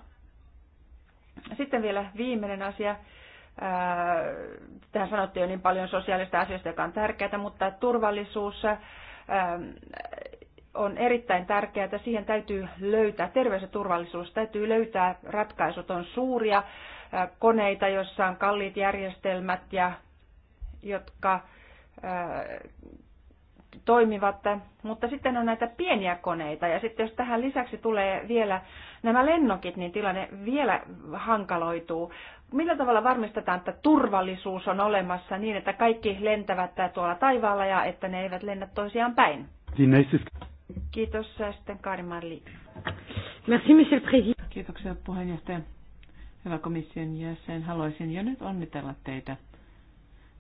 Sitten vielä viimeinen asia. Eh, tähän sanottiin jo niin paljon sosiaalista asioista, joka on tärkeää, mutta turvallisuus eh, on erittäin tärkeää, että siihen täytyy löytää, terveys ja turvallisuus täytyy löytää ratkaisut. On suuria koneita, joissa on kalliit järjestelmät ja jotka toimivat, mutta sitten on näitä pieniä koneita ja sitten jos tähän lisäksi tulee vielä nämä lennokit, niin tilanne vielä hankaloituu. Millä tavalla varmistetaan, että turvallisuus on olemassa niin, että kaikki lentävät tuolla taivaalla ja että ne eivät lennä toisiaan päin? Kiitos äh, sitten Karimalli. Merci, monsieur le président. Kiitoksia puheenjohtaja. Hyvä komission jäsen, haluaisin jo nyt onnitella teitä.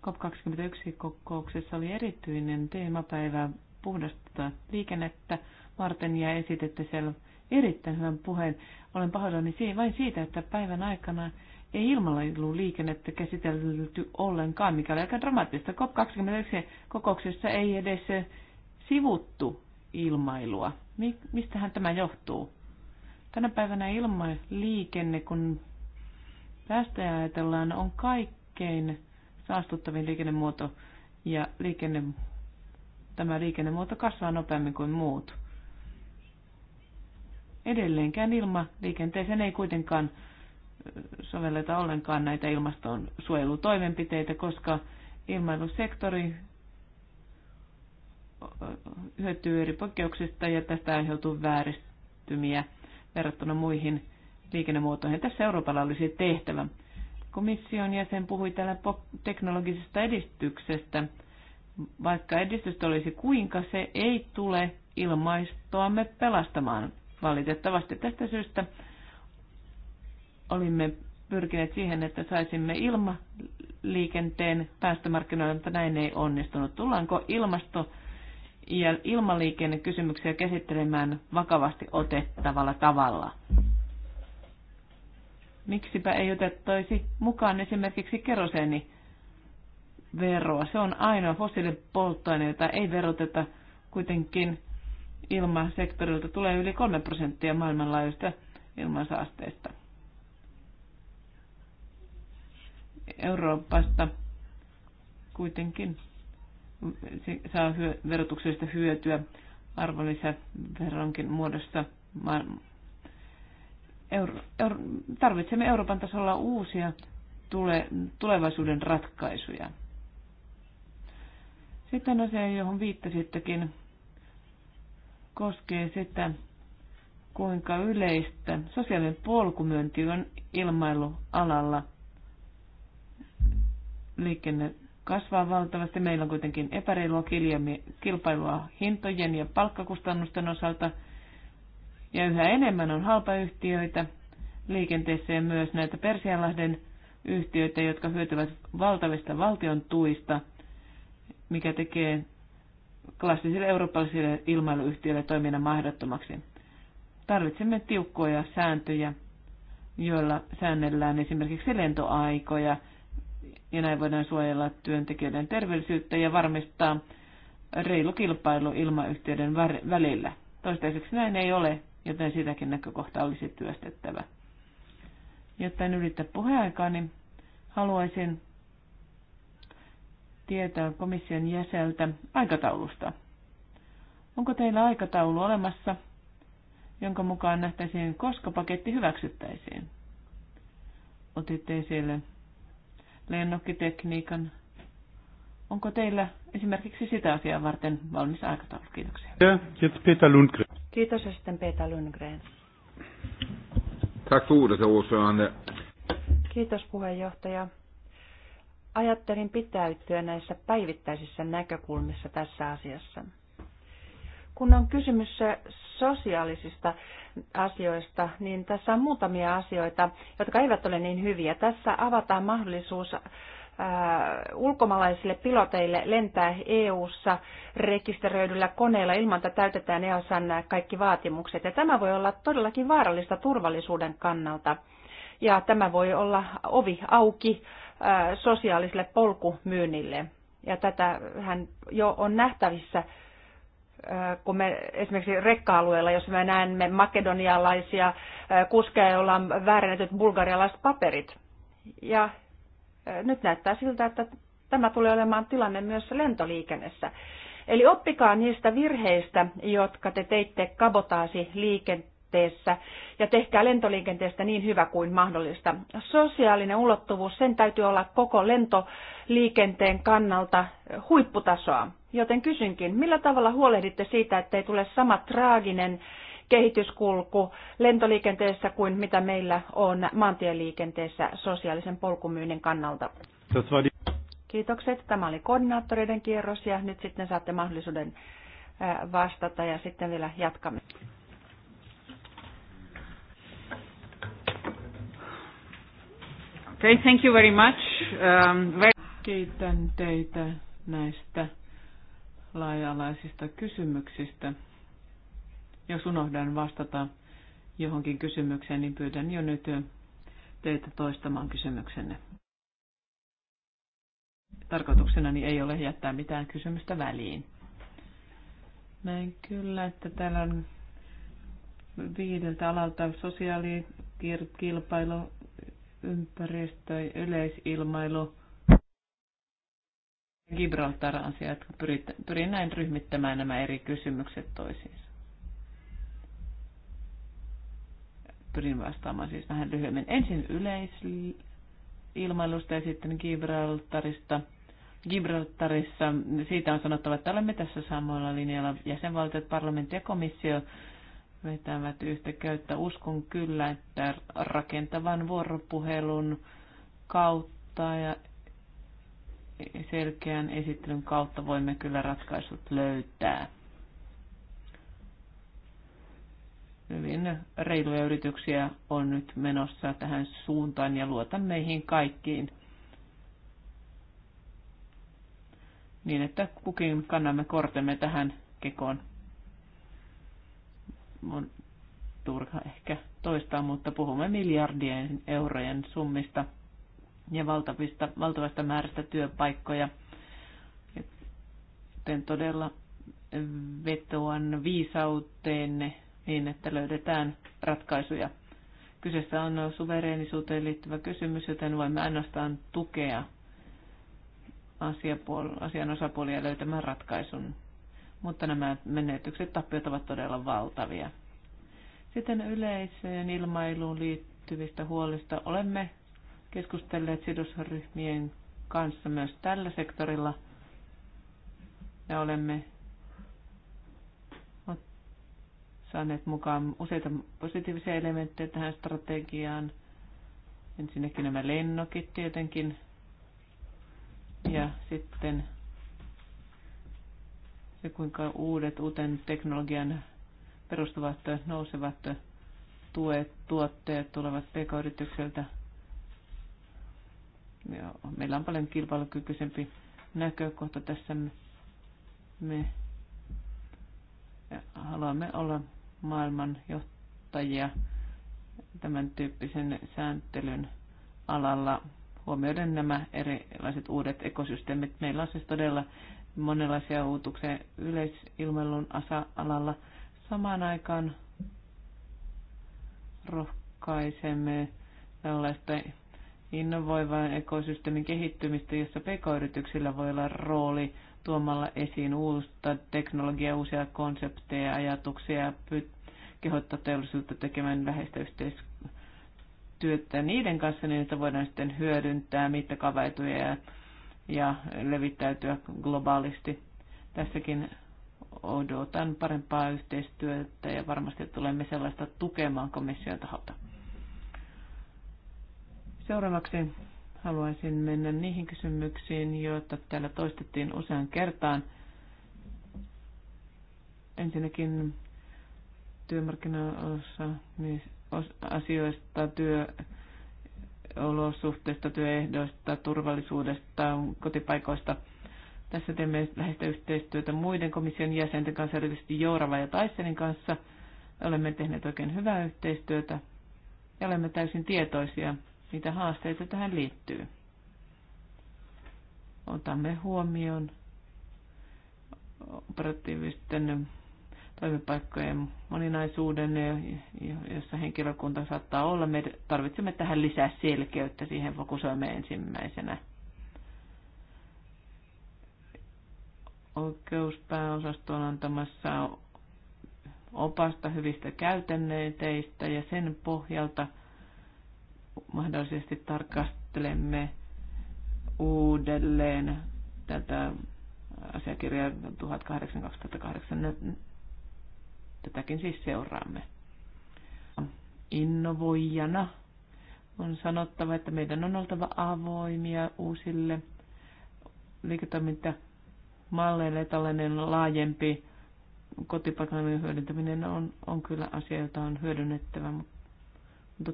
COP21-kokouksessa oli erityinen teemapäivä puhdasta liikennettä varten ja esitette siellä erittäin hyvän puheen. Olen pahoillani vain siitä, että päivän aikana ei ilmailuliikennettä käsitelty ollenkaan, mikä oli aika dramaattista. COP21-kokouksessa ei edes sivuttu ilmailua. Mistähän tämä johtuu? Tänä päivänä ilmaliikenne, kun päästöjä ajatellaan, on kaikkein saastuttavin liikennemuoto ja liikenne, tämä liikennemuoto kasvaa nopeammin kuin muut. Edelleenkään ilmaliikenteeseen ei kuitenkaan sovelleta ollenkaan näitä ilmastonsuojelutoimenpiteitä, koska ilmailusektori hyötyy eri poikkeuksista ja tästä aiheutuu vääristymiä verrattuna muihin liikennemuotoihin. Tässä Euroopalla olisi tehtävä. Komission jäsen puhui täällä teknologisesta edistyksestä. Vaikka edistystä olisi kuinka, se ei tule ilmaistoamme pelastamaan. Valitettavasti tästä syystä olimme pyrkineet siihen, että saisimme ilmaliikenteen päästömarkkinoille, mutta näin ei onnistunut. Tullaanko ilmasto ilmaliikennekysymyksiä käsittelemään vakavasti otettavalla tavalla. Miksipä ei otettaisi mukaan esimerkiksi keroseeni veroa. Se on ainoa fossiilipolttoaine, jota ei veroteta kuitenkin ilmasektorilta tulee yli 3 prosenttia maailmanlaajuista ilmansaasteista. Euroopasta kuitenkin se saa hyö, verotuksellista hyötyä arvonlisäveronkin muodossa. Euro, euro, tarvitsemme Euroopan tasolla uusia tule, tulevaisuuden ratkaisuja. Sitten asia, johon viittasittekin, koskee sitä, kuinka yleistä sosiaalinen polkumyönti on ilmailualalla liikenne kasvaa valtavasti. Meillä on kuitenkin epäreilua kilpailua hintojen ja palkkakustannusten osalta. Ja yhä enemmän on halpayhtiöitä liikenteeseen myös näitä Persianlahden yhtiöitä, jotka hyötyvät valtavista valtion tuista, mikä tekee klassisille eurooppalaisille ilmailuyhtiöille toiminnan mahdottomaksi. Tarvitsemme tiukkoja sääntöjä, joilla säännellään esimerkiksi lentoaikoja, ja näin voidaan suojella työntekijöiden terveellisyyttä ja varmistaa reilu kilpailu ilmayhtiöiden välillä. Toistaiseksi näin ei ole, joten sitäkin näkökohtaa olisi työstettävä. Jotta en ylitä puheaikaa, niin haluaisin tietää komission jäseltä aikataulusta. Onko teillä aikataulu olemassa, jonka mukaan nähtäisiin, koska paketti hyväksyttäisiin? Otitte esille lennokkitekniikan. Onko teillä esimerkiksi sitä asiaa varten valmis aikataulu? Kiitoksia. Ja, Peter Lundgren. Kiitos ja sitten Peter Lundgren. Tack ordförande. Kiitos puheenjohtaja. Ajattelin pitäytyä näissä päivittäisissä näkökulmissa tässä asiassa kun on kysymys sosiaalisista asioista, niin tässä on muutamia asioita, jotka eivät ole niin hyviä. Tässä avataan mahdollisuus äh, ulkomalaisille piloteille lentää EU-ssa rekisteröidyllä koneella ilman, että täytetään EASan kaikki vaatimukset. Ja tämä voi olla todellakin vaarallista turvallisuuden kannalta. Ja tämä voi olla ovi auki äh, sosiaaliselle polkumyynnille. Ja tätä hän jo on nähtävissä Äh, kun me esimerkiksi rekka-alueella, jos me näemme makedonialaisia äh, kuskeja, joilla on väärennetyt bulgarialaiset paperit. Ja äh, nyt näyttää siltä, että tämä tulee olemaan tilanne myös lentoliikennessä. Eli oppikaa niistä virheistä, jotka te teitte kabotaasiliikenteessä liikenteessä ja tehkää lentoliikenteestä niin hyvä kuin mahdollista. Sosiaalinen ulottuvuus, sen täytyy olla koko lentoliikenteen kannalta huipputasoa. Joten kysynkin, millä tavalla huolehditte siitä, ettei tule sama traaginen kehityskulku lentoliikenteessä kuin mitä meillä on maantieliikenteessä sosiaalisen polkumyynnin kannalta? Kiitokset. Tämä oli koordinaattoreiden kierros ja nyt sitten saatte mahdollisuuden vastata ja sitten vielä jatkamme. Okay, thank you very much. Um, very... Kiitän teitä näistä laajalaisista kysymyksistä. Jos unohdan vastata johonkin kysymykseen, niin pyydän jo nyt teitä toistamaan kysymyksenne. Tarkoituksenani niin ei ole jättää mitään kysymystä väliin. Näin kyllä, että täällä on viideltä alalta sosiaalikilpailu, ympäristö, yleisilmailu, Gibraltar-asiat. Pyrin näin ryhmittämään nämä eri kysymykset toisiinsa. Pyrin vastaamaan siis vähän lyhyemmin. Ensin yleisilmailusta ja sitten Gibraltarista. Gibraltarissa siitä on sanottava, että olemme tässä samoilla linjalla. Jäsenvaltiot, parlamentti ja komissio vetävät yhtä käyttä. Uskon kyllä, että rakentavan vuoropuhelun kautta ja selkeän esittelyn kautta voimme kyllä ratkaisut löytää. Hyvin reiluja yrityksiä on nyt menossa tähän suuntaan ja luotan meihin kaikkiin. Niin, että kukin kannamme kortemme tähän kekoon on turha ehkä toistaa, mutta puhumme miljardien eurojen summista ja valtavista, valtavasta määrästä työpaikkoja. Joten todella vetoan viisauteenne niin, että löydetään ratkaisuja. Kyseessä on suvereenisuuteen liittyvä kysymys, joten voimme ainoastaan tukea asian osapuolia löytämään ratkaisun mutta nämä menetykset tappiot ovat todella valtavia. Sitten yleiseen ilmailuun liittyvistä huolista olemme keskustelleet sidosryhmien kanssa myös tällä sektorilla ja olemme saaneet mukaan useita positiivisia elementtejä tähän strategiaan. Ensinnäkin nämä lennokit tietenkin ja sitten ja kuinka uudet uuden teknologian perustuvat nousevat tuet, tuotteet tulevat pk-yritykseltä. Meillä on paljon kilpailukykyisempi näkökohta tässä. Me haluamme olla maailman johtajia tämän tyyppisen sääntelyn alalla huomioiden nämä erilaiset uudet ekosysteemit. Meillä on siis todella monenlaisia uutuksia yleisilmailun alalla. Samaan aikaan rohkaisemme tällaista innovoivan ekosysteemin kehittymistä, jossa pk-yrityksillä voi olla rooli tuomalla esiin uutta teknologiaa, uusia konsepteja, ajatuksia ja kehottaa teollisuutta tekemään läheistä yhteistyötä niiden kanssa niin, että voidaan sitten hyödyntää mittakaavaituja ja ja levittäytyä globaalisti. Tässäkin odotan parempaa yhteistyötä ja varmasti tulemme sellaista tukemaan komission taholta. Seuraavaksi haluaisin mennä niihin kysymyksiin, joita täällä toistettiin usean kertaan. Ensinnäkin niin asioista, työ, olosuhteista, työehdoista, turvallisuudesta, kotipaikoista. Tässä teemme läheistä yhteistyötä muiden komission jäsenten kanssa, erityisesti Jourava ja Taisenin kanssa. Olemme tehneet oikein hyvää yhteistyötä ja olemme täysin tietoisia, mitä haasteita tähän liittyy. Otamme huomioon operatiivisten toimipaikkojen moninaisuuden, jossa henkilökunta saattaa olla. Me tarvitsemme tähän lisää selkeyttä, siihen fokusoimme ensimmäisenä. Oikeuspääosasto on antamassa opasta hyvistä käytänneiteistä ja sen pohjalta mahdollisesti tarkastelemme uudelleen tätä asiakirjaa 1008 Tätäkin siis seuraamme. Innovoijana on sanottava, että meidän on oltava avoimia uusille liiketoimintamalleille. Tällainen laajempi kotipaikallinen hyödyntäminen on, on kyllä asia, jota on hyödynnettävä, mutta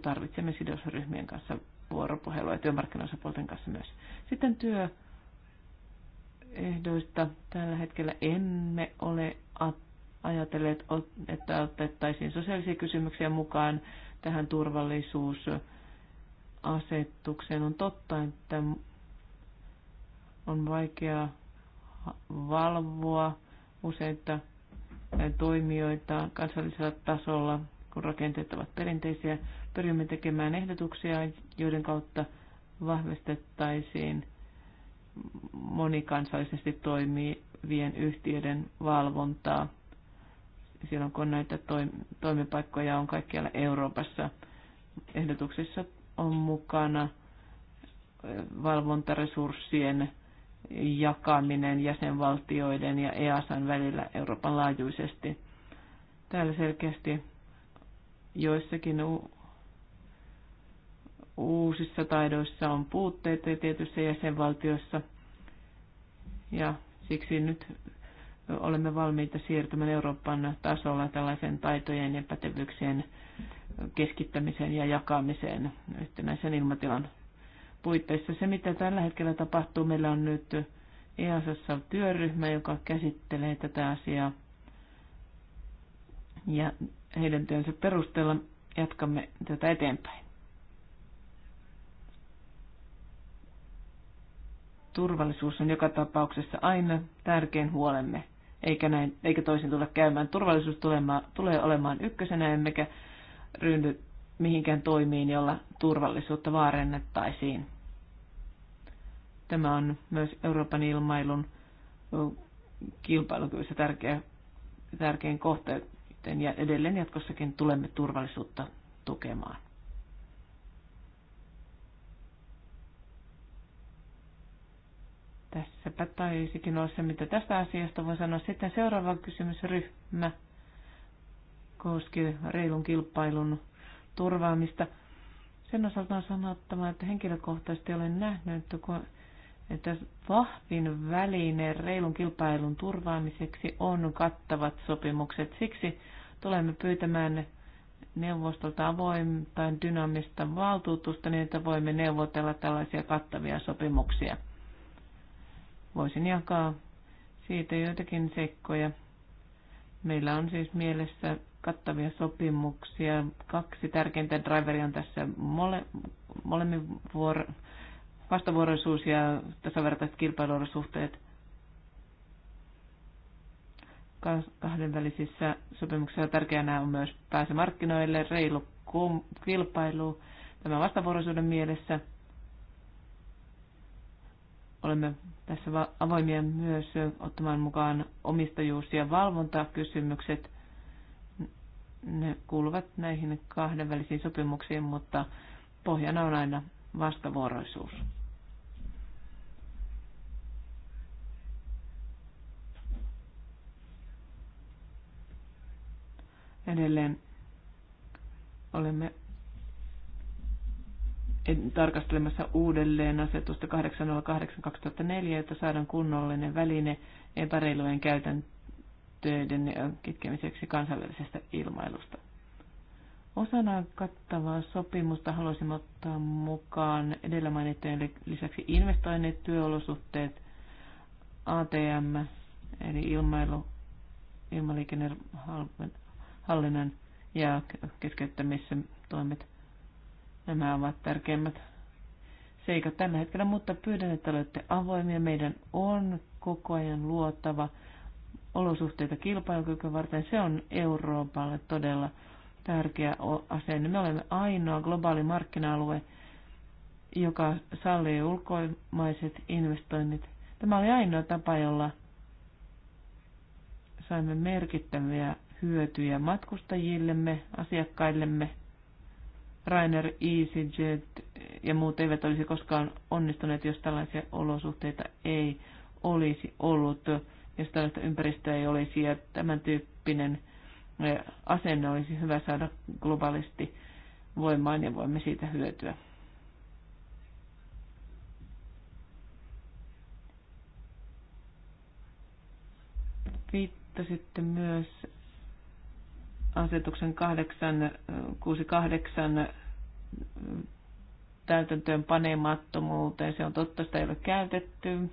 tarvitsemme sidosryhmien kanssa vuoropuhelua ja työmarkkinaosapuolten kanssa myös. Sitten työehdoista. Tällä hetkellä emme ole ajatelleet, että otettaisiin sosiaalisia kysymyksiä mukaan tähän turvallisuusasetukseen. On totta, että on vaikea valvoa useita toimijoita kansallisella tasolla, kun rakenteet ovat perinteisiä. Pyrimme tekemään ehdotuksia, joiden kautta vahvistettaisiin monikansallisesti toimivien yhtiöiden valvontaa silloin, kun näitä toimipaikkoja on kaikkialla Euroopassa. Ehdotuksissa on mukana valvontaresurssien jakaminen jäsenvaltioiden ja EASan välillä Euroopan laajuisesti. Täällä selkeästi joissakin uusissa taidoissa on puutteita tietyissä jäsenvaltioissa. Ja siksi nyt olemme valmiita siirtymään Euroopan tasolla tällaisen taitojen ja pätevyyksien keskittämiseen ja jakamiseen yhtenäisen ilmatilan puitteissa. Se, mitä tällä hetkellä tapahtuu, meillä on nyt EASassa työryhmä, joka käsittelee tätä asiaa. Ja heidän työnsä perusteella jatkamme tätä eteenpäin. Turvallisuus on joka tapauksessa aina tärkein huolemme eikä, näin, eikä toisin tule käymään. Turvallisuus tulee olemaan ykkösenä, emmekä ryhdy mihinkään toimiin, jolla turvallisuutta vaarennettaisiin. Tämä on myös Euroopan ilmailun kilpailukyvyssä tärkeä, tärkein kohta, ja edelleen jatkossakin tulemme turvallisuutta tukemaan. Tässäpä taisikin olla se, mitä tästä asiasta voi sanoa. Sitten seuraava kysymysryhmä koski reilun kilpailun turvaamista. Sen osalta on sanottava, että henkilökohtaisesti olen nähnyt, että vahvin väline reilun kilpailun turvaamiseksi on kattavat sopimukset. Siksi tulemme pyytämään neuvostolta avointa dynaamista valtuutusta niin, että voimme neuvotella tällaisia kattavia sopimuksia. Voisin jakaa siitä joitakin sekkoja. Meillä on siis mielessä kattavia sopimuksia. Kaksi tärkeintä driveria on tässä mole, molemmin vuoro, vastavuoroisuus ja tasavertaiset kilpailuolosuhteet. Kahdenvälisissä sopimuksissa tärkeänä on myös pääse markkinoille, reilu kilpailu. Tämä vastavuoroisuuden mielessä – olemme tässä avoimia myös ottamaan mukaan omistajuus- ja valvontakysymykset. Ne kuuluvat näihin kahdenvälisiin sopimuksiin, mutta pohjana on aina vastavuoroisuus. Edelleen olemme tarkastelemassa uudelleen asetusta 808-2004, jotta saadaan kunnollinen väline epäreilujen käytäntöiden kitkemiseksi kansainvälisestä ilmailusta. Osana kattavaa sopimusta haluaisimme ottaa mukaan edellä mainittujen lisäksi investoinnit, työolosuhteet, ATM eli ilmailu, ilmaliikennehallinnan ja keskeyttämisen toimet – Nämä ovat tärkeimmät seikat tällä hetkellä, mutta pyydän, että olette avoimia. Meidän on koko ajan luotava olosuhteita kilpailukykyä varten. Se on Euroopalle todella tärkeä asenne. Me olemme ainoa globaali markkina-alue, joka sallii ulkomaiset investoinnit. Tämä oli ainoa tapa, jolla saimme merkittäviä hyötyjä matkustajillemme, asiakkaillemme Rainer, EasyJet ja muut eivät olisi koskaan onnistuneet, jos tällaisia olosuhteita ei olisi ollut, jos tällaista ympäristöä ei olisi ja tämän tyyppinen e, asenne olisi hyvä saada globaalisti voimaan ja voimme siitä hyötyä. Viittasitte myös asetuksen 868 täytäntöön panemattomuuteen. Se on totta, sitä ei ole käytetty.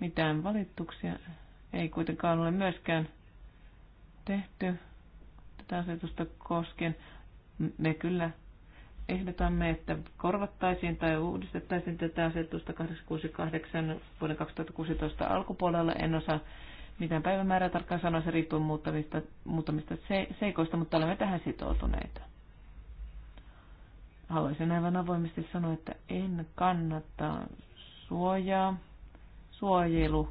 Mitään valituksia ei kuitenkaan ole myöskään tehty tätä asetusta koskien. Me kyllä ehdotamme, että korvattaisiin tai uudistettaisiin tätä asetusta 868 vuoden 2016 alkupuolella. En osaa mitä päivämäärä tarkkaan sanoa, se riippuu muuttamista, muuttamista se, seikoista, mutta olemme tähän sitoutuneita. Haluaisin aivan avoimesti sanoa, että en kannata suojaa. Suojelu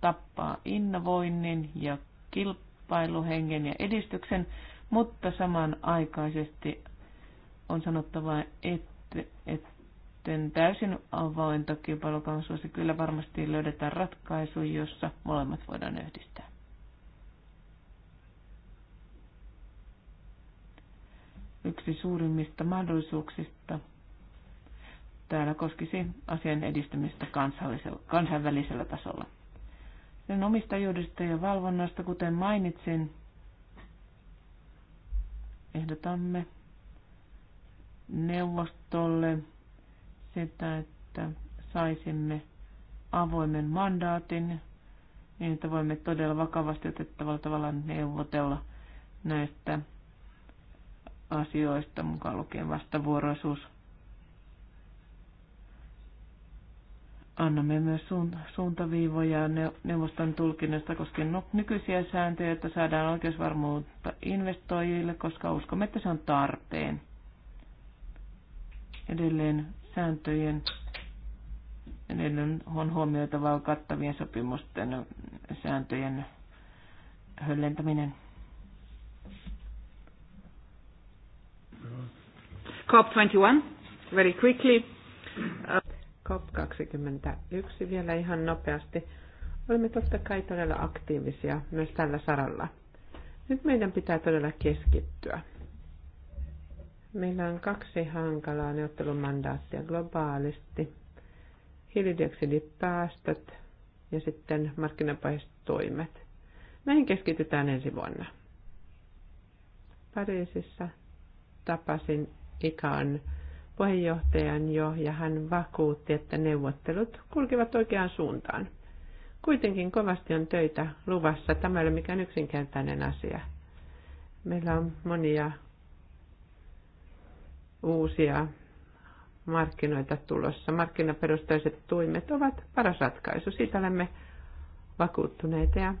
tappaa innovoinnin ja kilpailuhengen ja edistyksen, mutta samanaikaisesti on sanottava, että, että sitten täysin avointa kilpailukansuosi kyllä varmasti löydetään ratkaisu, jossa molemmat voidaan yhdistää. Yksi suurimmista mahdollisuuksista täällä koskisi asian edistämistä kansainvälisellä tasolla. Sen omistajuudesta ja valvonnasta, kuten mainitsin, ehdotamme neuvostolle sitä, että saisimme avoimen mandaatin niin, että voimme todella vakavasti otettavalla tavalla neuvotella näistä asioista, mukaan lukien vastavuoroisuus. Annamme myös suuntaviivoja neuvoston tulkinnasta koskien nykyisiä sääntöjä, että saadaan oikeusvarmuutta investoijille, koska uskomme, että se on tarpeen. Edelleen sääntöjen edelleen on huomioitava kattavien sopimusten sääntöjen höllentäminen. COP21, very quickly. COP21 vielä ihan nopeasti. Olemme totta kai todella aktiivisia myös tällä saralla. Nyt meidän pitää todella keskittyä Meillä on kaksi hankalaa neuvottelumandaattia globaalisti. Hiilidioksidipäästöt ja sitten markkinapaiset toimet. Näihin keskitytään ensi vuonna. Pariisissa tapasin ikan puheenjohtajan jo ja hän vakuutti, että neuvottelut kulkivat oikeaan suuntaan. Kuitenkin kovasti on töitä luvassa. Tämä ei ole mikään yksinkertainen asia. Meillä on monia uusia markkinoita tulossa. Markkinaperustaiset toimet ovat paras ratkaisu. Siitä olemme vakuuttuneita. Ja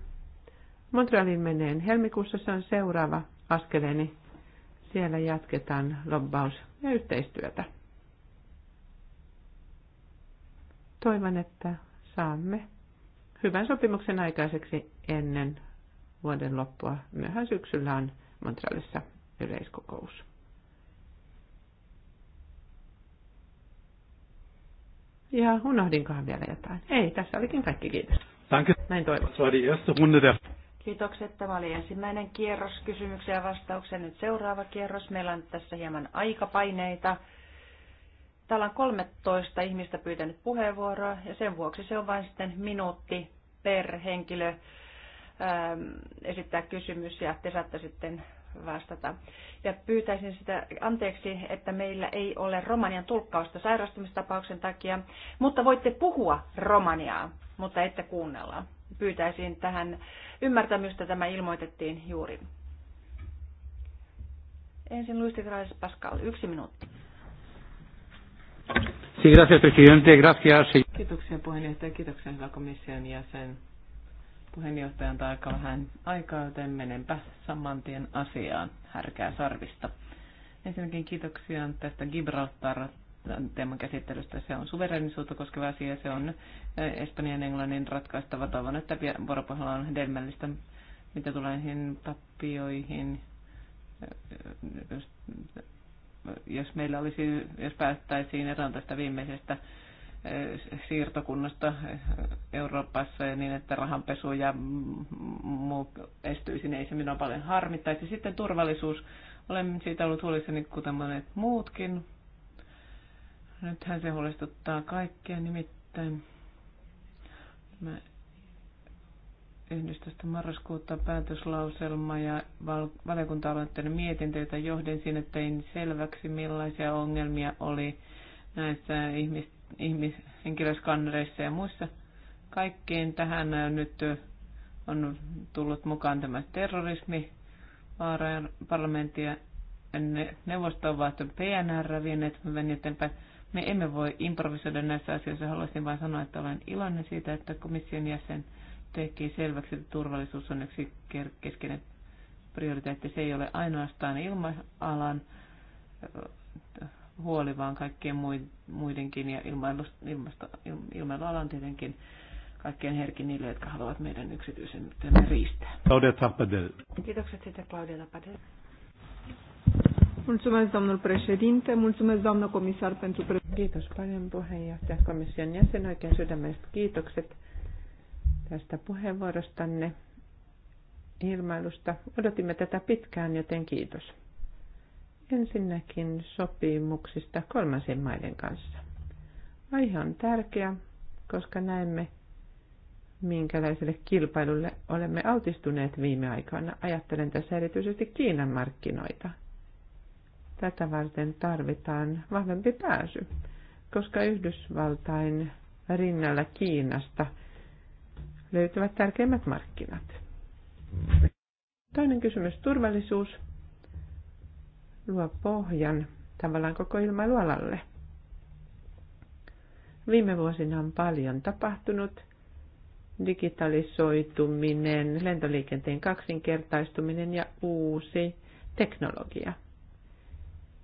Montrealin meneen helmikuussa se on seuraava askeleeni. Siellä jatketaan lobbaus- ja yhteistyötä. Toivon, että saamme hyvän sopimuksen aikaiseksi ennen vuoden loppua. Myöhään syksyllä on Montrealissa yleiskokous. Ja unohdinkohan vielä jotain? Ei, tässä olikin kaikki, kiitos. Danke. Näin toivon. Kiitokset. Tämä oli ensimmäinen kierros kysymyksiä ja vastauksia. Nyt seuraava kierros. Meillä on tässä hieman aikapaineita. Täällä on 13 ihmistä pyytänyt puheenvuoroa ja sen vuoksi se on vain sitten minuutti per henkilö ähm, esittää kysymys ja te saatte sitten vastata. Ja pyytäisin sitä anteeksi, että meillä ei ole romanian tulkkausta sairastumistapauksen takia, mutta voitte puhua romaniaa, mutta ette kuunnella. Pyytäisin tähän ymmärtämystä, tämä ilmoitettiin juuri. Ensin Luis de Graes Pascal, yksi minuutti. Sí, gracias, presidente. Gracias. Kiitoksia puheenjohtaja, kiitoksia hyvä komission jäsen puheenjohtajan antaa aika vähän aikaa, joten menenpä saman tien asiaan härkää sarvista. Ensinnäkin kiitoksia tästä Gibraltar teeman käsittelystä. Se on suverenisuutta koskeva asia. Se on eh, Espanjan ja Englannin ratkaistava toivon, että vuoropuhelu on hedelmällistä, mitä tulee niihin tappioihin. Eh, eh, jos, jos meillä olisi, jos päästäisiin eroon tästä viimeisestä siirtokunnasta Euroopassa ja niin, että rahanpesu ja muu estyisi, niin ei se minua paljon harmittaisi. Sitten turvallisuus. Olen siitä ollut huolissani, kuten monet muutkin. Nythän se huolestuttaa kaikkia, nimittäin mä 11. marraskuuta päätöslauselma ja val- valiokunta-aloitteiden mietintö, jota johdin sinne tein selväksi, millaisia ongelmia oli näissä ihmisten ihmishenkilöskannereissa ja muissa. kaikkiin tähän nyt on tullut mukaan tämä terrorismi, parlamentti ja neuvosto ovat PNR vieneet eteenpäin. Me emme voi improvisoida näissä asioissa. Haluaisin vain sanoa, että olen iloinen siitä, että komission jäsen teki selväksi, että turvallisuus on yksi keskeinen prioriteetti. Se ei ole ainoastaan ilma-alan huoli, vaan kaikkien muidenkin ja ilmailualan tietenkin kaikkien herkin niille, jotka haluavat meidän yksityisen riistää. Claudia Tappadel. Kiitokset sitten Claudia Tappadel. Mulțumesc, domnul președinte, mulțumesc, doamnă comisar, pentru Kiitos paljon puheenjohtaja komission jäsen. Oikein sydämestä kiitokset tästä puheenvuorostanne ilmailusta. Odotimme tätä pitkään, joten kiitos. Ensinnäkin sopimuksista kolmansien maiden kanssa. Aihe on tärkeä, koska näemme, minkälaiselle kilpailulle olemme altistuneet viime aikoina. Ajattelen tässä erityisesti Kiinan markkinoita. Tätä varten tarvitaan vahvempi pääsy, koska Yhdysvaltain rinnalla Kiinasta löytyvät tärkeimmät markkinat. Toinen kysymys, turvallisuus luo pohjan tavallaan koko ilmailualalle. Viime vuosina on paljon tapahtunut. Digitalisoituminen, lentoliikenteen kaksinkertaistuminen ja uusi teknologia.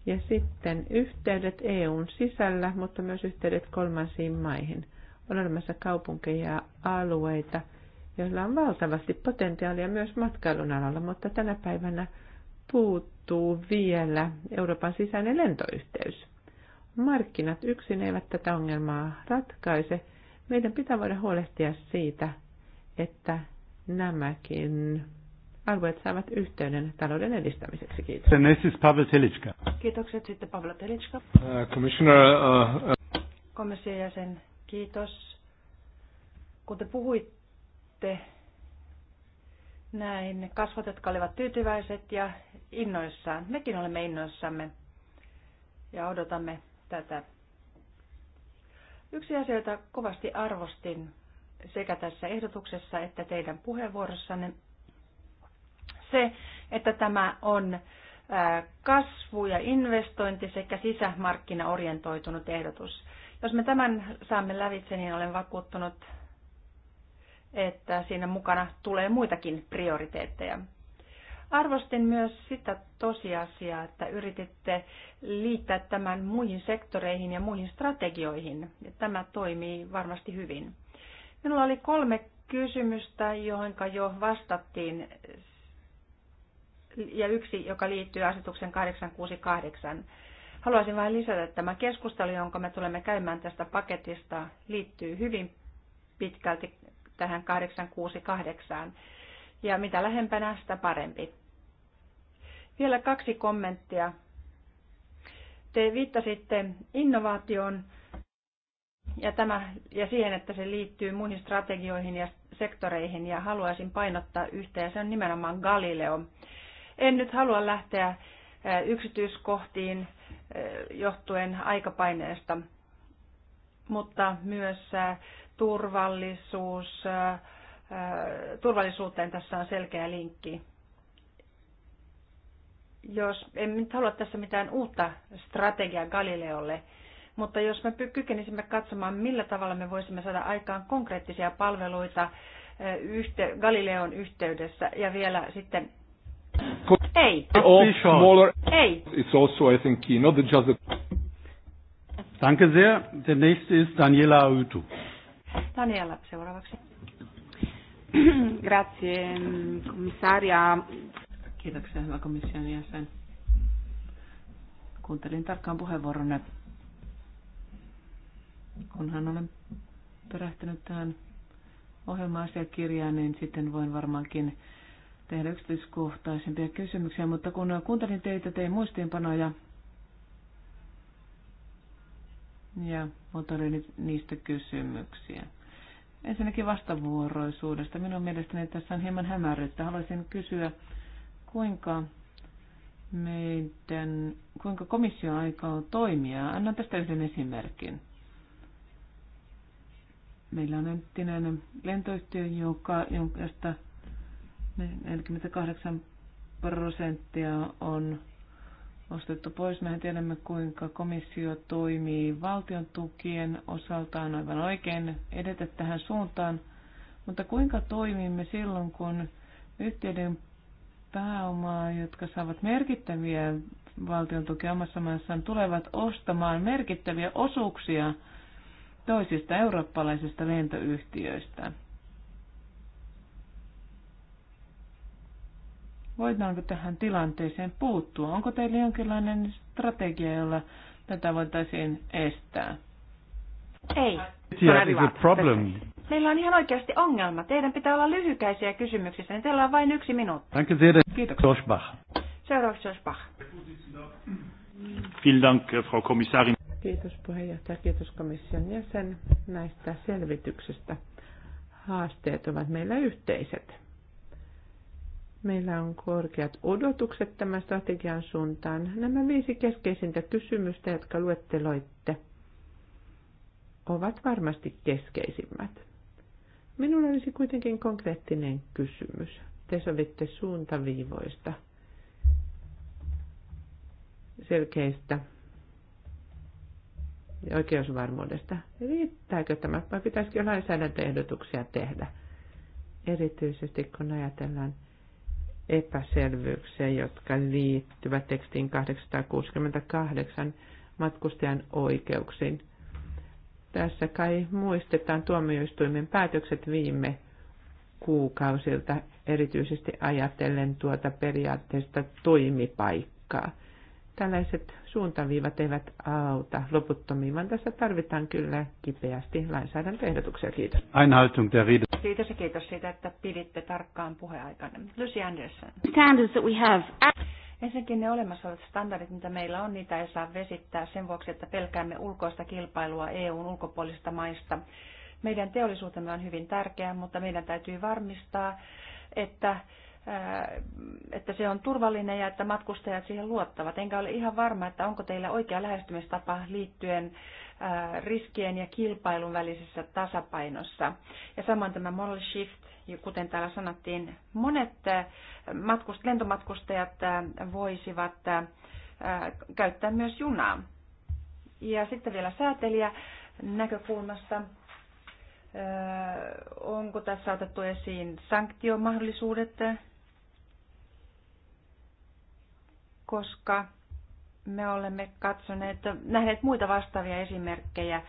Ja sitten yhteydet EUn sisällä, mutta myös yhteydet kolmansiin maihin. On olemassa kaupunkeja ja alueita, joilla on valtavasti potentiaalia myös matkailun alalla, mutta tänä päivänä – puuttuu vielä Euroopan sisäinen lentoyhteys. Markkinat yksin eivät tätä ongelmaa ratkaise. Meidän pitää voida huolehtia siitä, että nämäkin alueet saavat yhteyden talouden edistämiseksi. Kiitos. And this is Pavel Telitska. Kiitokset sitten Pavel Telitska. Uh, commissioner, uh, uh... Komission jäsen, kiitos. Kun te puhuitte näin kasvot, jotka olivat tyytyväiset ja innoissaan. Mekin olemme innoissamme ja odotamme tätä. Yksi asia, jota kovasti arvostin sekä tässä ehdotuksessa että teidän puheenvuorossanne, se, että tämä on kasvu- ja investointi sekä sisämarkkinaorientoitunut ehdotus. Jos me tämän saamme lävitse, niin olen vakuuttunut että siinä mukana tulee muitakin prioriteetteja. Arvostin myös sitä tosiasiaa, että yrititte liittää tämän muihin sektoreihin ja muihin strategioihin. Ja tämä toimii varmasti hyvin. Minulla oli kolme kysymystä, johon jo vastattiin, ja yksi, joka liittyy asetuksen 868. Haluaisin vain lisätä, että tämä keskustelu, jonka me tulemme käymään tästä paketista, liittyy hyvin pitkälti tähän 868. Ja mitä lähempänä, sitä parempi. Vielä kaksi kommenttia. Te viittasitte innovaatioon ja, tämä, ja siihen, että se liittyy muihin strategioihin ja sektoreihin ja haluaisin painottaa yhtä ja se on nimenomaan Galileo. En nyt halua lähteä yksityiskohtiin johtuen aikapaineesta, mutta myös turvallisuus, turvallisuuteen tässä on selkeä linkki. Jos, en nyt halua tässä mitään uutta strategiaa Galileolle, mutta jos me kykenisimme katsomaan, millä tavalla me voisimme saada aikaan konkreettisia palveluita yhte, Galileon yhteydessä ja vielä sitten ei. Smaller. Ei. It's also, I think, not just the... Danke sehr. Der nächste ist Daniela Uytu. Daniela seuraavaksi. *clears throat* Grazie, komissaria. Kiitoksia, hyvä komission jäsen. Kuuntelin tarkkaan puheenvuoronne. Kunhan olen perehtynyt tähän ohjelma-asiakirjaan, niin sitten voin varmaankin tehdä yksityiskohtaisempia kysymyksiä, mutta kun kuuntelin teitä, tein muistiinpanoja ja oli niistä kysymyksiä. Ensinnäkin vastavuoroisuudesta. Minun mielestäni tässä on hieman hämärryttä. Haluaisin kysyä, kuinka meidän, kuinka komissio aikoo toimia. Annan tästä yhden esimerkin. Meillä on entinen lentoyhtiö, joka, josta 48 prosenttia on ostettu pois. Mehän tiedämme, kuinka komissio toimii valtion tukien osalta. On aivan oikein edetä tähän suuntaan. Mutta kuinka toimimme silloin, kun yhtiöiden pääomaa, jotka saavat merkittäviä valtion tukia omassa maassaan, tulevat ostamaan merkittäviä osuuksia toisista eurooppalaisista lentoyhtiöistä? Voidaanko tähän tilanteeseen puuttua? Onko teillä jonkinlainen strategia, jolla tätä voitaisiin estää? Ei. Meillä on ihan oikeasti ongelma. Teidän pitää olla lyhykäisiä kysymyksissä, niin teillä on vain yksi minuutti. Kiitos, Josbach. Seuraavaksi Josbach. Äh, kiitos puheenjohtaja, kiitos komission jäsen näistä selvityksistä. Haasteet ovat meillä yhteiset. Meillä on korkeat odotukset tämän strategian suuntaan. Nämä viisi keskeisintä kysymystä, jotka luetteloitte, ovat varmasti keskeisimmät. Minulla olisi kuitenkin konkreettinen kysymys. Te sovitte suuntaviivoista, selkeistä ja oikeusvarmuudesta. Riittääkö tämä vai pitäisikö lainsäädäntöehdotuksia tehdä? Erityisesti kun ajatellaan epäselvyyksiä, jotka liittyvät tekstiin 868 matkustajan oikeuksiin. Tässä kai muistetaan tuomioistuimen päätökset viime kuukausilta, erityisesti ajatellen tuota periaatteesta toimipaikkaa – tällaiset suuntaviivat eivät auta loputtomiin, vaan tässä tarvitaan kyllä kipeästi lainsäädäntöehdotuksia. Kiitos. Einhaltung der Rede. Kiitos ja kiitos siitä, että piditte tarkkaan puheaikanne. Lucy Anderson. Standards that we have. Ensinnäkin ne olemassa olevat standardit, mitä meillä on, niitä ei saa vesittää sen vuoksi, että pelkäämme ulkoista kilpailua EUn ulkopuolisista maista. Meidän teollisuutemme on hyvin tärkeää, mutta meidän täytyy varmistaa, että että se on turvallinen ja että matkustajat siihen luottavat. Enkä ole ihan varma, että onko teillä oikea lähestymistapa liittyen riskien ja kilpailun välisessä tasapainossa. Ja samoin tämä model shift, kuten täällä sanottiin, monet matkust- lentomatkustajat voisivat käyttää myös junaa. Ja sitten vielä säätelijä näkökulmasta onko tässä otettu esiin sanktiomahdollisuudet koska me olemme katsoneet, nähneet muita vastaavia esimerkkejä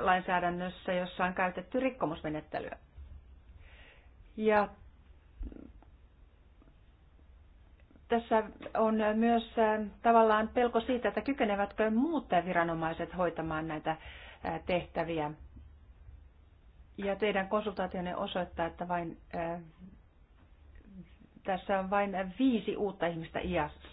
lainsäädännössä, jossa on käytetty rikkomusmenettelyä. Ja tässä on myös tavallaan pelko siitä, että kykenevätkö muut viranomaiset hoitamaan näitä tehtäviä. Ja teidän konsultaationne osoittaa, että vain tässä on vain viisi uutta ihmistä iässä.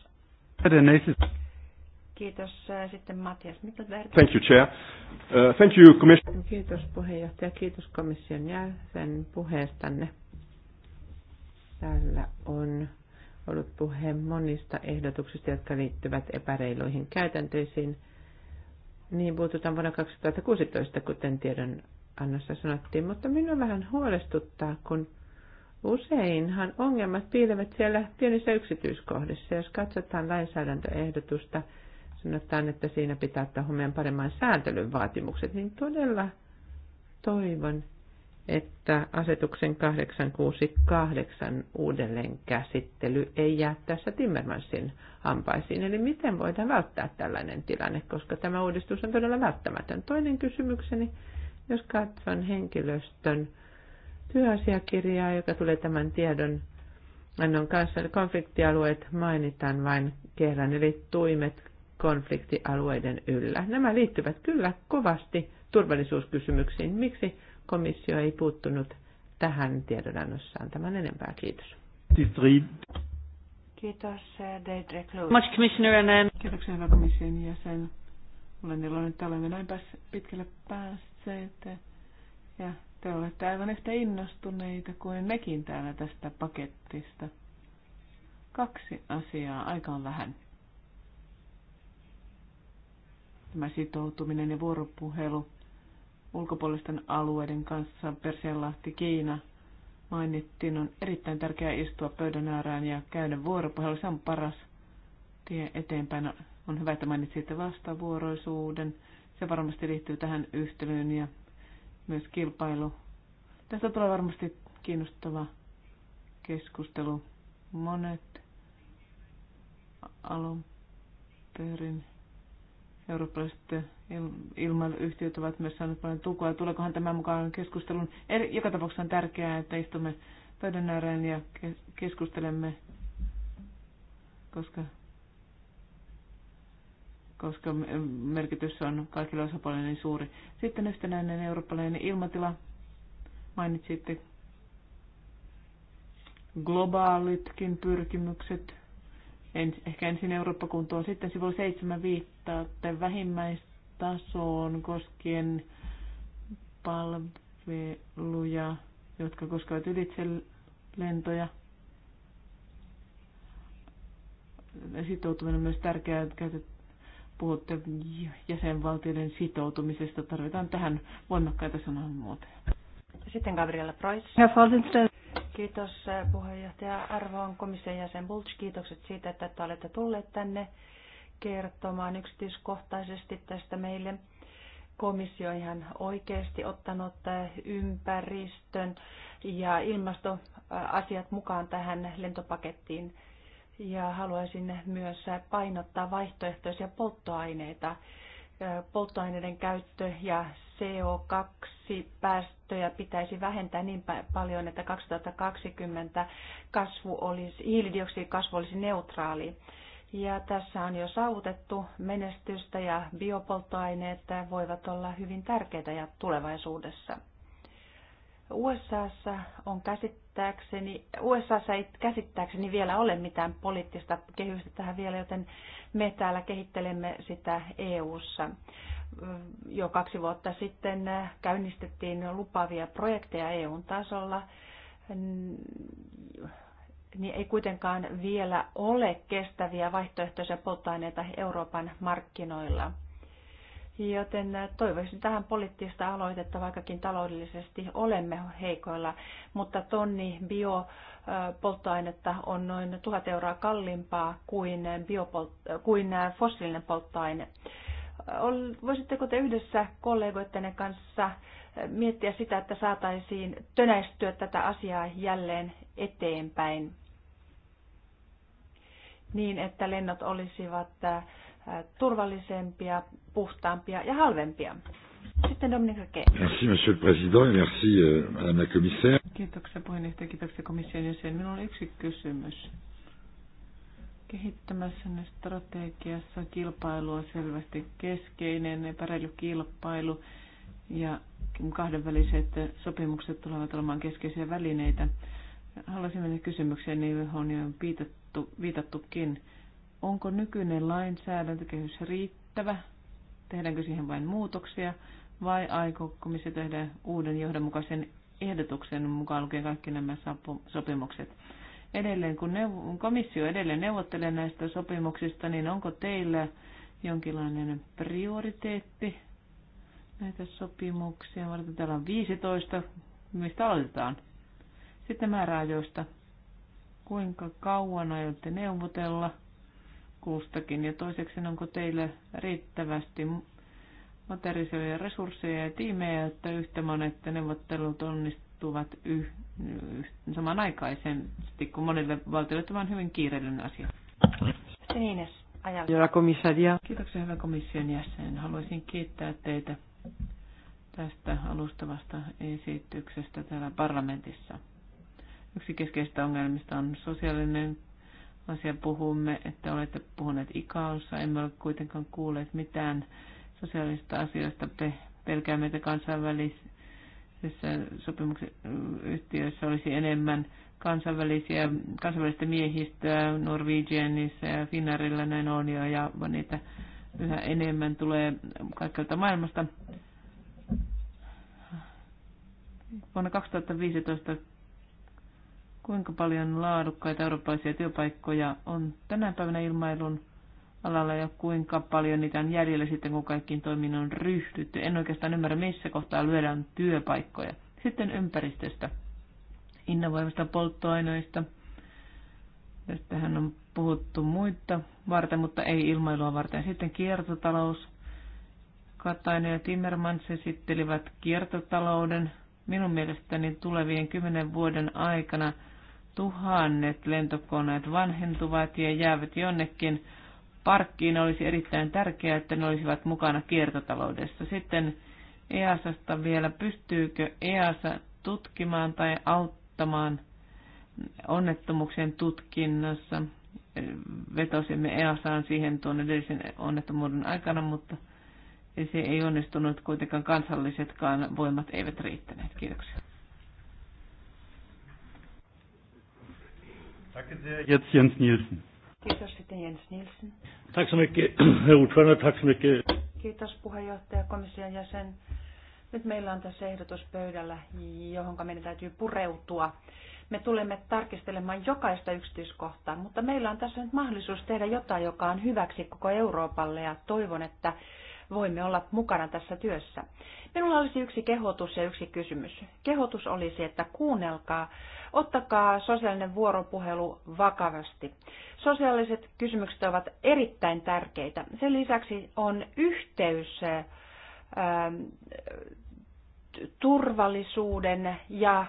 Kiitos. Äh, sitten Matias Mittelberg. Thank you, Chair. Uh, thank you, Commission. Kiitos puheenjohtaja. Kiitos komission jäsen puheestanne. Täällä on ollut puhe monista ehdotuksista, jotka liittyvät epäreiluihin käytänteisiin. Niin puututaan vuonna 2016, kuten tiedon annossa sanottiin, mutta minua vähän huolestuttaa, kun Useinhan ongelmat piilevät siellä pienissä yksityiskohdissa. Jos katsotaan lainsäädäntöehdotusta, sanotaan, että siinä pitää ottaa huomioon paremman sääntelyn vaatimukset, niin todella toivon, että asetuksen 868 uudelleen käsittely ei jää tässä Timmermansin hampaisiin. Eli miten voidaan välttää tällainen tilanne, koska tämä uudistus on todella välttämätön. Toinen kysymykseni, jos katson henkilöstön työasiakirjaa, joka tulee tämän tiedon annon kanssa. Konfliktialueet mainitaan vain kerran, eli tuimet konfliktialueiden yllä. Nämä liittyvät kyllä kovasti turvallisuuskysymyksiin. Miksi komissio ei puuttunut tähän tiedonannossaan tämän enempää? Kiitos. Kiitos, eh, Deidre Kloos. Much commissioner and... Kiitoksia, hyvä komission jäsen. Olen iloinen, että olemme näin pitkälle päässeet. Ja te olette aivan yhtä innostuneita kuin mekin täällä tästä pakettista. Kaksi asiaa, aika on vähän. Tämä sitoutuminen ja vuoropuhelu ulkopuolisten alueiden kanssa, Persianlahti, Kiina, mainittiin, on erittäin tärkeää istua pöydän äärään ja käydä vuoropuhelu. Se on paras tie eteenpäin. On hyvä, että mainitsitte vastavuoroisuuden. Se varmasti liittyy tähän yhtälöön ja myös kilpailu. Tästä tulee varmasti kiinnostava keskustelu. Monet alun perin eurooppalaiset ilmailuyhtiöt ovat myös saaneet paljon tukua. Tuleekohan tämän mukaan keskustelun? Er, joka tapauksessa on tärkeää, että istumme pöydän ääreen ja keskustelemme, koska koska merkitys on kaikille osapuolille niin suuri. Sitten yhtenäinen eurooppalainen ilmatila. Mainitsitte globaalitkin pyrkimykset. En, ehkä ensin Eurooppa-kuntoon. Sitten sivulla 7 viittaa vähimmäistasoon koskien palveluja, jotka koskevat ylitse lentoja. Sitoutuminen on myös tärkeää, että puhutte jäsenvaltioiden sitoutumisesta. Tarvitaan tähän voimakkaita sanamuotoja. Sitten Gabriella Preuss. Kiitos äh, puheenjohtaja Arvoon komission jäsen Bulch. Kiitokset siitä, että olette tulleet tänne kertomaan yksityiskohtaisesti tästä meille. Komissio on ihan oikeasti ottanut äh, ympäristön ja ilmastoasiat mukaan tähän lentopakettiin ja haluaisin myös painottaa vaihtoehtoisia polttoaineita. Polttoaineiden käyttö ja CO2-päästöjä pitäisi vähentää niin paljon, että 2020 kasvu olisi, hiilidioksidikasvu olisi neutraali. Ja tässä on jo saavutettu menestystä ja biopolttoaineet voivat olla hyvin tärkeitä ja tulevaisuudessa. USAssa on käsittely käsittääkseni, USAssa ei käsittääkseni vielä ole mitään poliittista kehystä tähän vielä, joten me täällä kehittelemme sitä EUssa. Jo kaksi vuotta sitten käynnistettiin lupavia projekteja EUn tasolla, niin ei kuitenkaan vielä ole kestäviä vaihtoehtoisia polttoaineita Euroopan markkinoilla – Joten toivoisin tähän poliittista aloitetta, vaikkakin taloudellisesti olemme heikoilla, mutta tonni biopolttoainetta on noin 1000 euroa kalliimpaa kuin, biopolt- kuin fossiilinen polttoaine. Voisitteko te yhdessä kollegoittenne kanssa miettiä sitä, että saataisiin tönäistyä tätä asiaa jälleen eteenpäin niin, että lennot olisivat turvallisempia, puhtaampia ja halvempia. Sitten Dominika K. Merci, monsieur le président, merci, euh, madame la commissaire. Kiitoksia puheenjohtaja, kiitoksia komission jäsen. Minulla on yksi kysymys. Kehittämässä strategiassa kilpailu on selvästi keskeinen, epäreilu kilpailu ja kahdenväliset sopimukset tulevat olemaan keskeisiä välineitä. Haluaisin mennä kysymykseen, johon on jo viitattu, viitattukin onko nykyinen lainsäädäntökehys riittävä, tehdäänkö siihen vain muutoksia vai aikooko missä tehdä uuden johdonmukaisen ehdotuksen mukaan lukien kaikki nämä sopimukset. Edelleen kun komissio edelleen neuvottelee näistä sopimuksista, niin onko teillä jonkinlainen prioriteetti näitä sopimuksia varten? Täällä on 15, mistä aloitetaan. Sitten määräajoista. Kuinka kauan aiotte neuvotella? kustakin? Ja toiseksi, onko teillä riittävästi materiaalisia resursseja ja tiimejä, että yhtä monet neuvottelut onnistuvat yh, yh, samanaikaisesti, kun monille valtioille tämä on hyvin kiireellinen asia? Sinines, ajalla. komissaria. Kiitoksia, hyvä komission jäsen. Haluaisin kiittää teitä tästä alustavasta esityksestä täällä parlamentissa. Yksi keskeistä ongelmista on sosiaalinen asia puhumme, että olette puhuneet ikaossa. Emme ole kuitenkaan kuulleet mitään sosiaalista asioista. Pelkäämme, että kansainvälisessä sopimuksen yhtiössä olisi enemmän kansainvälisiä, kansainvälistä miehistöä Norwegianissa ja Finnairilla näin on jo ja niitä yhä enemmän tulee kaikkelta maailmasta. Vuonna 2015 kuinka paljon laadukkaita eurooppalaisia työpaikkoja on tänä päivänä ilmailun alalla ja kuinka paljon niitä on jäljellä sitten, kun kaikkiin toiminnan on ryhdytty. En oikeastaan ymmärrä, missä kohtaa lyödään työpaikkoja. Sitten ympäristöstä, innovoivista polttoaineista. Tästähän on puhuttu muita varten, mutta ei ilmailua varten. Sitten kiertotalous. Katainen ja Timmermans esittelivät kiertotalouden. Minun mielestäni tulevien kymmenen vuoden aikana – tuhannet lentokoneet vanhentuvat ja jäävät jonnekin parkkiin, olisi erittäin tärkeää, että ne olisivat mukana kiertotaloudessa. Sitten EASasta vielä, pystyykö EASA tutkimaan tai auttamaan onnettomuuksien tutkinnassa? Vetosimme EASAan siihen tuon edellisen onnettomuuden aikana, mutta se ei onnistunut, kuitenkaan kansallisetkaan voimat eivät riittäneet. Kiitoksia. Tack så mycket, Jens Nielsen. Kiitos sitten Jens Nielsen. Tack så mycket, *clears throat* ordförande. Tack så mycket. Kiitos puheenjohtaja, komission jäsen. Nyt meillä on tässä ehdotus pöydällä, johon meidän täytyy pureutua. Me tulemme tarkistelemaan jokaista yksityiskohtaa, mutta meillä on tässä nyt mahdollisuus tehdä jotain, joka on hyväksi koko Euroopalle ja toivon, että voimme olla mukana tässä työssä. Minulla olisi yksi kehotus ja yksi kysymys. Kehotus olisi, että kuunnelkaa, ottakaa sosiaalinen vuoropuhelu vakavasti. Sosiaaliset kysymykset ovat erittäin tärkeitä. Sen lisäksi on yhteys turvallisuuden ja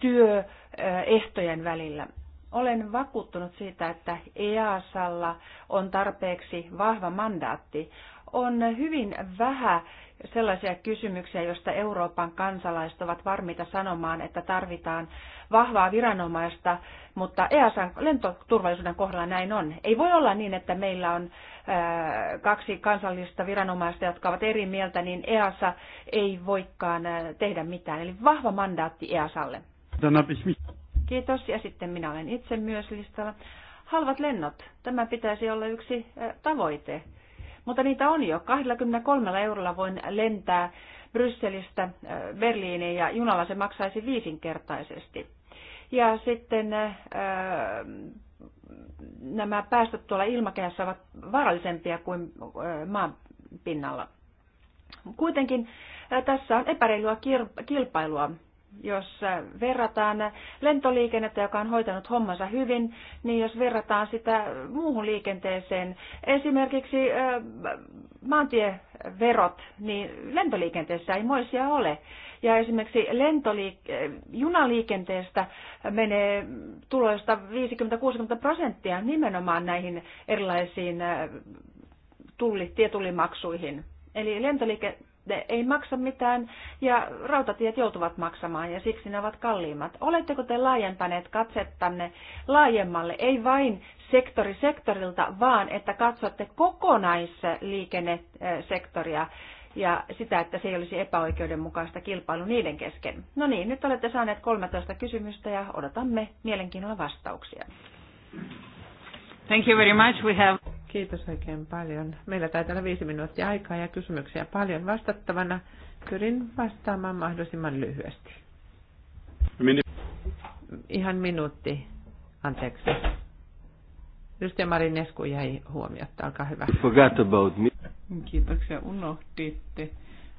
työehtojen välillä. Olen vakuuttunut siitä, että EASalla on tarpeeksi vahva mandaatti on hyvin vähän sellaisia kysymyksiä, joista Euroopan kansalaiset ovat varmiita sanomaan, että tarvitaan vahvaa viranomaista, mutta EASan lentoturvallisuuden kohdalla näin on. Ei voi olla niin, että meillä on kaksi kansallista viranomaista, jotka ovat eri mieltä, niin EASA ei voikaan tehdä mitään. Eli vahva mandaatti EASalle. Kiitos. Ja sitten minä olen itse myös listalla. Halvat lennot. Tämä pitäisi olla yksi tavoite mutta niitä on jo. 23 eurolla voin lentää Brysselistä äh, Berliiniin ja junalla se maksaisi viisinkertaisesti. Ja sitten äh, nämä päästöt tuolla ilmakehässä ovat vaarallisempia kuin äh, maan pinnalla. Kuitenkin tässä on epäreilua kilpailua jos verrataan lentoliikennettä, joka on hoitanut hommansa hyvin, niin jos verrataan sitä muuhun liikenteeseen, esimerkiksi maantieverot, niin lentoliikenteessä ei moisia ole. Ja esimerkiksi lentoliik- junaliikenteestä menee tuloista 50-60 prosenttia nimenomaan näihin erilaisiin tulli, tietullimaksuihin. Eli lentoliike ne ei maksa mitään ja rautatiet joutuvat maksamaan ja siksi ne ovat kalliimmat. Oletteko te laajentaneet katsettanne laajemmalle, ei vain sektori sektorilta, vaan että katsotte kokonaisliikennesektoria ja sitä, että se ei olisi epäoikeudenmukaista kilpailu niiden kesken. No niin, nyt olette saaneet 13 kysymystä ja odotamme mielenkiinnolla vastauksia. Thank you very much. We have... Kiitos oikein paljon. Meillä taitaa olla viisi minuuttia aikaa ja kysymyksiä paljon vastattavana. Pyrin vastaamaan mahdollisimman lyhyesti. Ihan minuutti. Anteeksi. Ystävä Marin Esku jäi huomiota. Olkaa hyvä. Forgot about me. Kiitoksia. Unohditte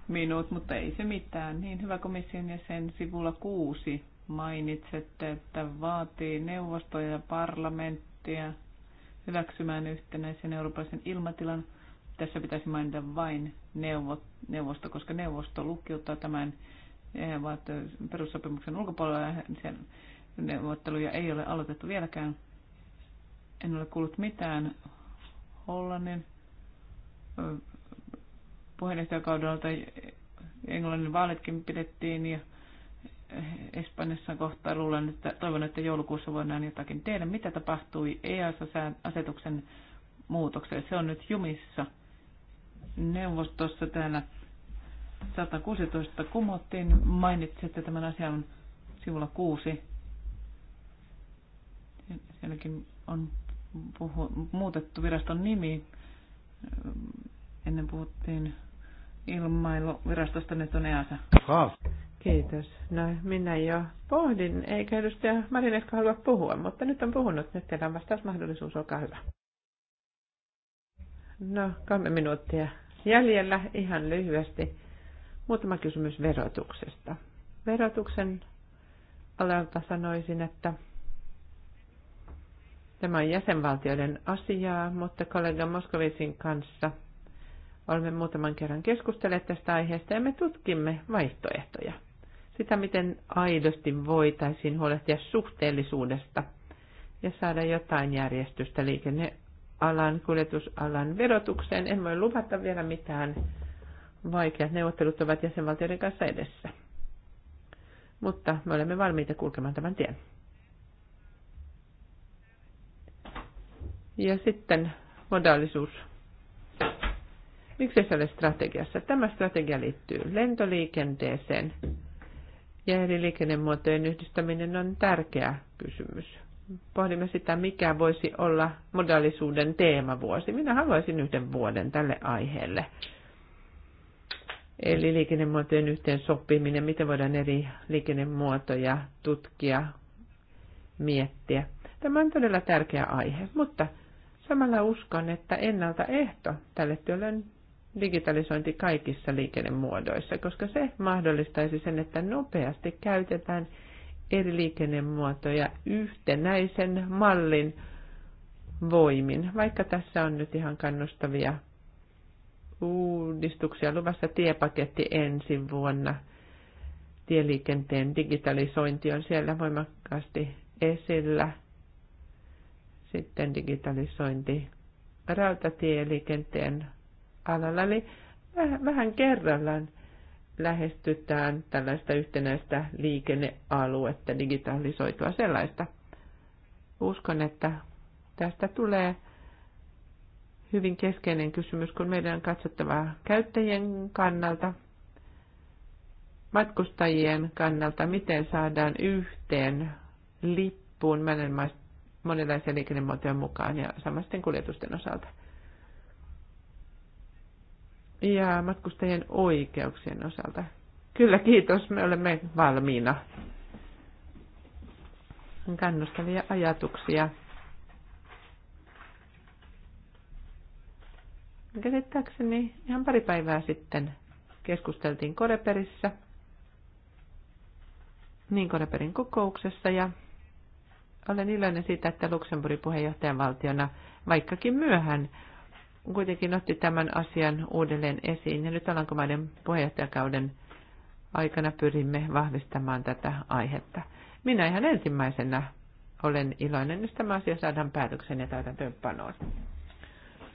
minut, mutta ei se mitään. Niin hyvä komission ja sen sivulla kuusi mainitsette, että vaatii neuvostoja ja parlamenttia hyväksymään yhtenäisen eurooppalaisen ilmatilan. Tässä pitäisi mainita vain neuvosto, koska neuvosto lukkiuttaa tämän eh, perussopimuksen ulkopuolella ja sen neuvotteluja ei ole aloitettu vieläkään. En ole kuullut mitään Hollannin eh, puheenjohtajakaudelta Englannin vaalitkin pidettiin ja Espanjassa kohta. Luulen, että toivon, että joulukuussa voidaan jotakin tehdä. Mitä tapahtui EAS-asetuksen muutokseen? Se on nyt jumissa neuvostossa täällä 116 kumottiin. että tämän asian sivulla 6. Sielläkin on puhu, muutettu viraston nimi. Ennen puhuttiin ilmailuvirastosta, nyt on EASA. Kiitos. No minä jo pohdin, eikä edustaja Marinesko halua puhua, mutta nyt on puhunut. Nyt teillä on vastausmahdollisuus, olkaa hyvä. No, kolme minuuttia jäljellä ihan lyhyesti. Muutama kysymys verotuksesta. Verotuksen alalta sanoisin, että tämä on jäsenvaltioiden asiaa, mutta kollega Moskovitsin kanssa olemme muutaman kerran keskustelleet tästä aiheesta ja me tutkimme vaihtoehtoja sitä, miten aidosti voitaisiin huolehtia suhteellisuudesta ja saada jotain järjestystä liikennealan, kuljetusalan verotukseen. En voi luvata vielä mitään. Vaikeat neuvottelut ovat jäsenvaltioiden kanssa edessä. Mutta me olemme valmiita kulkemaan tämän tien. Ja sitten modaalisuus. Miksi se ole strategiassa? Tämä strategia liittyy lentoliikenteeseen, ja eri liikennemuotojen yhdistäminen on tärkeä kysymys. Pohdimme sitä, mikä voisi olla modallisuuden teemavuosi. Minä haluaisin yhden vuoden tälle aiheelle. Eli liikennemuotojen yhteen sopiminen, miten voidaan eri liikennemuotoja tutkia, miettiä. Tämä on todella tärkeä aihe, mutta samalla uskon, että ennaltaehto tälle työlle on digitalisointi kaikissa liikennemuodoissa, koska se mahdollistaisi sen, että nopeasti käytetään eri liikennemuotoja yhtenäisen mallin voimin, vaikka tässä on nyt ihan kannustavia uudistuksia luvassa tiepaketti ensi vuonna. Tieliikenteen digitalisointi on siellä voimakkaasti esillä. Sitten digitalisointi rautatieliikenteen alalla. Eli vähän kerrallaan lähestytään tällaista yhtenäistä liikennealuetta, digitalisoitua sellaista. Uskon, että tästä tulee hyvin keskeinen kysymys, kun meidän on katsottava käyttäjien kannalta, matkustajien kannalta, miten saadaan yhteen lippuun monenlaisia liikennemuotoja mukaan ja samasten kuljetusten osalta ja matkustajien oikeuksien osalta. Kyllä, kiitos. Me olemme valmiina. Kannustavia ajatuksia. Käsittääkseni ihan pari päivää sitten keskusteltiin Koreperissä, niin Koreperin kokouksessa, ja olen iloinen siitä, että Luxemburgin puheenjohtajan valtiona, vaikkakin myöhään, kuitenkin otti tämän asian uudelleen esiin ja nyt Alankomaiden puheenjohtajakauden aikana pyrimme vahvistamaan tätä aihetta. Minä ihan ensimmäisenä olen iloinen, jos tämä asia saadaan päätöksen ja täytäntöönpanoon.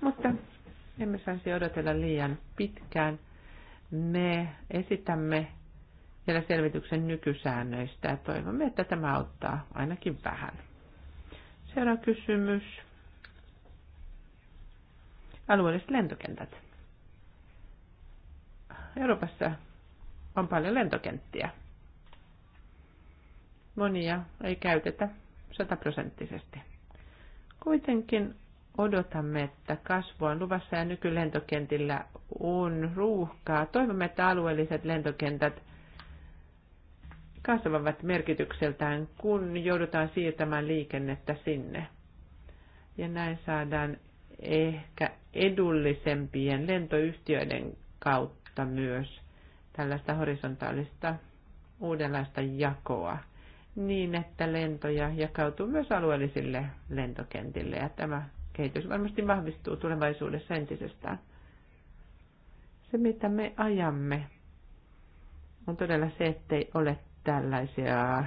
Mutta emme saisi odotella liian pitkään. Me esitämme vielä selvityksen nykysäännöistä ja toivomme, että tämä auttaa ainakin vähän. Seuraava kysymys alueelliset lentokentät. Euroopassa on paljon lentokenttiä. Monia ei käytetä sataprosenttisesti. Kuitenkin odotamme, että kasvu on luvassa ja nykylentokentillä on ruuhkaa. Toivomme, että alueelliset lentokentät kasvavat merkitykseltään, kun joudutaan siirtämään liikennettä sinne. Ja näin saadaan ehkä edullisempien lentoyhtiöiden kautta myös tällaista horisontaalista uudenlaista jakoa niin, että lentoja jakautuu myös alueellisille lentokentille ja tämä kehitys varmasti vahvistuu tulevaisuudessa entisestään. Se, mitä me ajamme, on todella se, ettei ole tällaisia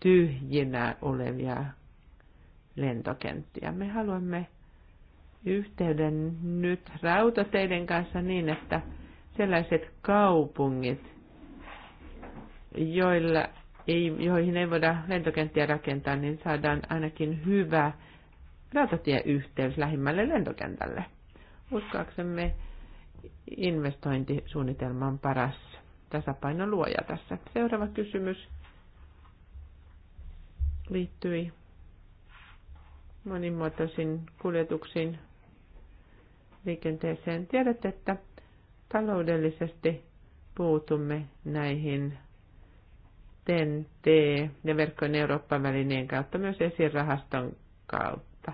tyhjinä olevia lentokenttiä. Me haluamme yhteyden nyt rautateiden kanssa niin, että sellaiset kaupungit, joilla ei, joihin ei voida lentokenttiä rakentaa, niin saadaan ainakin hyvä rautatieyhteys lähimmälle lentokentälle. Uskoaksemme investointisuunnitelma on paras tasapaino luoja tässä. Seuraava kysymys liittyi monimuotoisiin kuljetuksiin liikenteeseen. Tiedät, että taloudellisesti puutumme näihin TNT ja verkkojen Eurooppa välineen kautta, myös esirahaston kautta.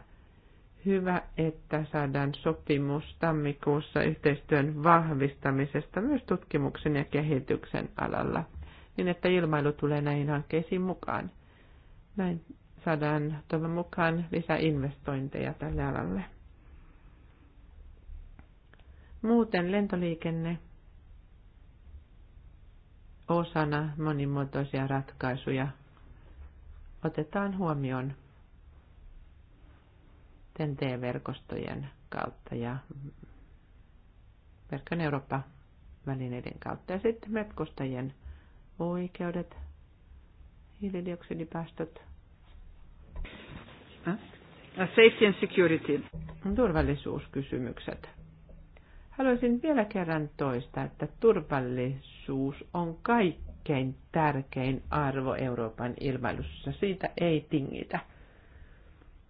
Hyvä, että saadaan sopimus tammikuussa yhteistyön vahvistamisesta myös tutkimuksen ja kehityksen alalla, niin että ilmailu tulee näihin hankkeisiin mukaan. Näin saadaan toivon mukaan lisää investointeja tälle alalle. Muuten lentoliikenne osana monimuotoisia ratkaisuja otetaan huomioon TNT-verkostojen kautta ja Verkon Eurooppa-välineiden kautta. Ja sitten metkustajien oikeudet, hiilidioksidipäästöt. Safety and security. Turvallisuuskysymykset. Haluaisin vielä kerran toistaa, että turvallisuus on kaikkein tärkein arvo Euroopan ilmailussa. Siitä ei tingitä.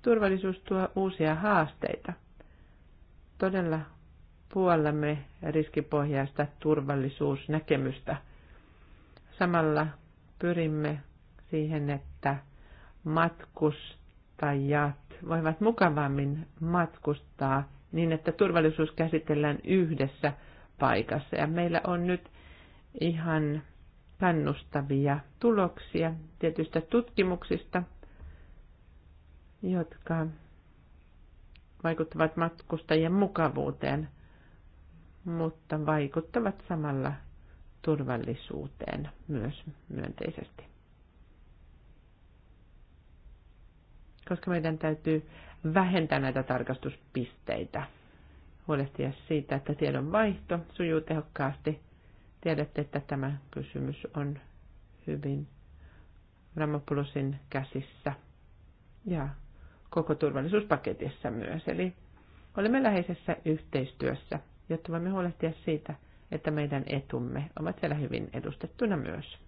Turvallisuus tuo uusia haasteita. Todella puollamme riskipohjaista turvallisuusnäkemystä. Samalla pyrimme siihen, että matkustajat voivat mukavammin matkustaa niin, että turvallisuus käsitellään yhdessä paikassa. Ja meillä on nyt ihan kannustavia tuloksia tietystä tutkimuksista, jotka vaikuttavat matkustajien mukavuuteen, mutta vaikuttavat samalla turvallisuuteen myös myönteisesti. Koska meidän täytyy vähentää näitä tarkastuspisteitä, huolehtia siitä, että tiedon vaihto sujuu tehokkaasti. Tiedätte, että tämä kysymys on hyvin Ramapulusin käsissä ja koko turvallisuuspaketissa myös. Eli olemme läheisessä yhteistyössä, jotta voimme huolehtia siitä, että meidän etumme ovat siellä hyvin edustettuna myös.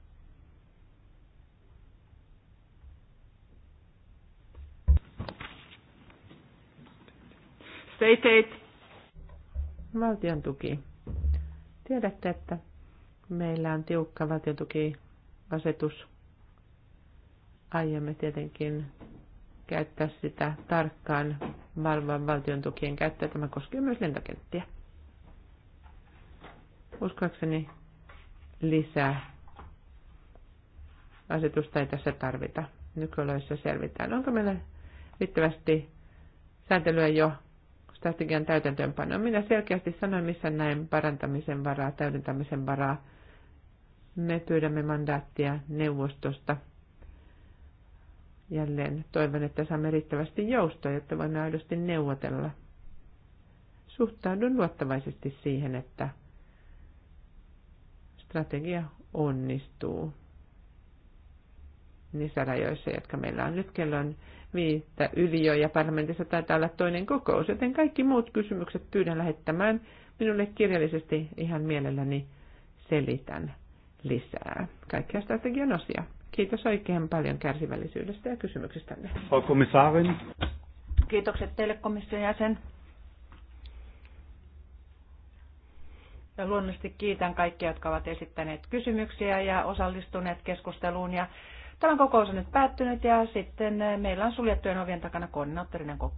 state aid. Valtion tuki. Tiedätte, että meillä on tiukka valtiotukiasetus. Aiomme tietenkin käyttää sitä tarkkaan valvan valtion tukien käyttöä. Tämä koskee myös lentokenttiä. Uskoakseni lisää asetusta ei tässä tarvita. Nykyoloissa selvitään, onko meillä riittävästi sääntelyä jo strategian täytäntöönpano. Minä selkeästi sanoin, missä näin parantamisen varaa, täydentämisen varaa. Me pyydämme mandaattia neuvostosta. Jälleen toivon, että saamme riittävästi joustoa, jotta voimme aidosti neuvotella. Suhtaudun luottavaisesti siihen, että strategia onnistuu niissä rajoissa, jotka meillä on. Nyt kello on viittä yli ja parlamentissa taitaa olla toinen kokous, joten kaikki muut kysymykset pyydän lähettämään minulle kirjallisesti ihan mielelläni selitän lisää kaikkia strategian osia. Kiitos oikein paljon kärsivällisyydestä ja kysymyksistänne. Frau Kiitokset teille komission jäsen. Ja luonnollisesti kiitän kaikkia, jotka ovat esittäneet kysymyksiä ja osallistuneet keskusteluun. Ja Tämän kokous on nyt päättynyt ja sitten eh, meillä on suljettujen ovien takana koordinaattorinen kokous.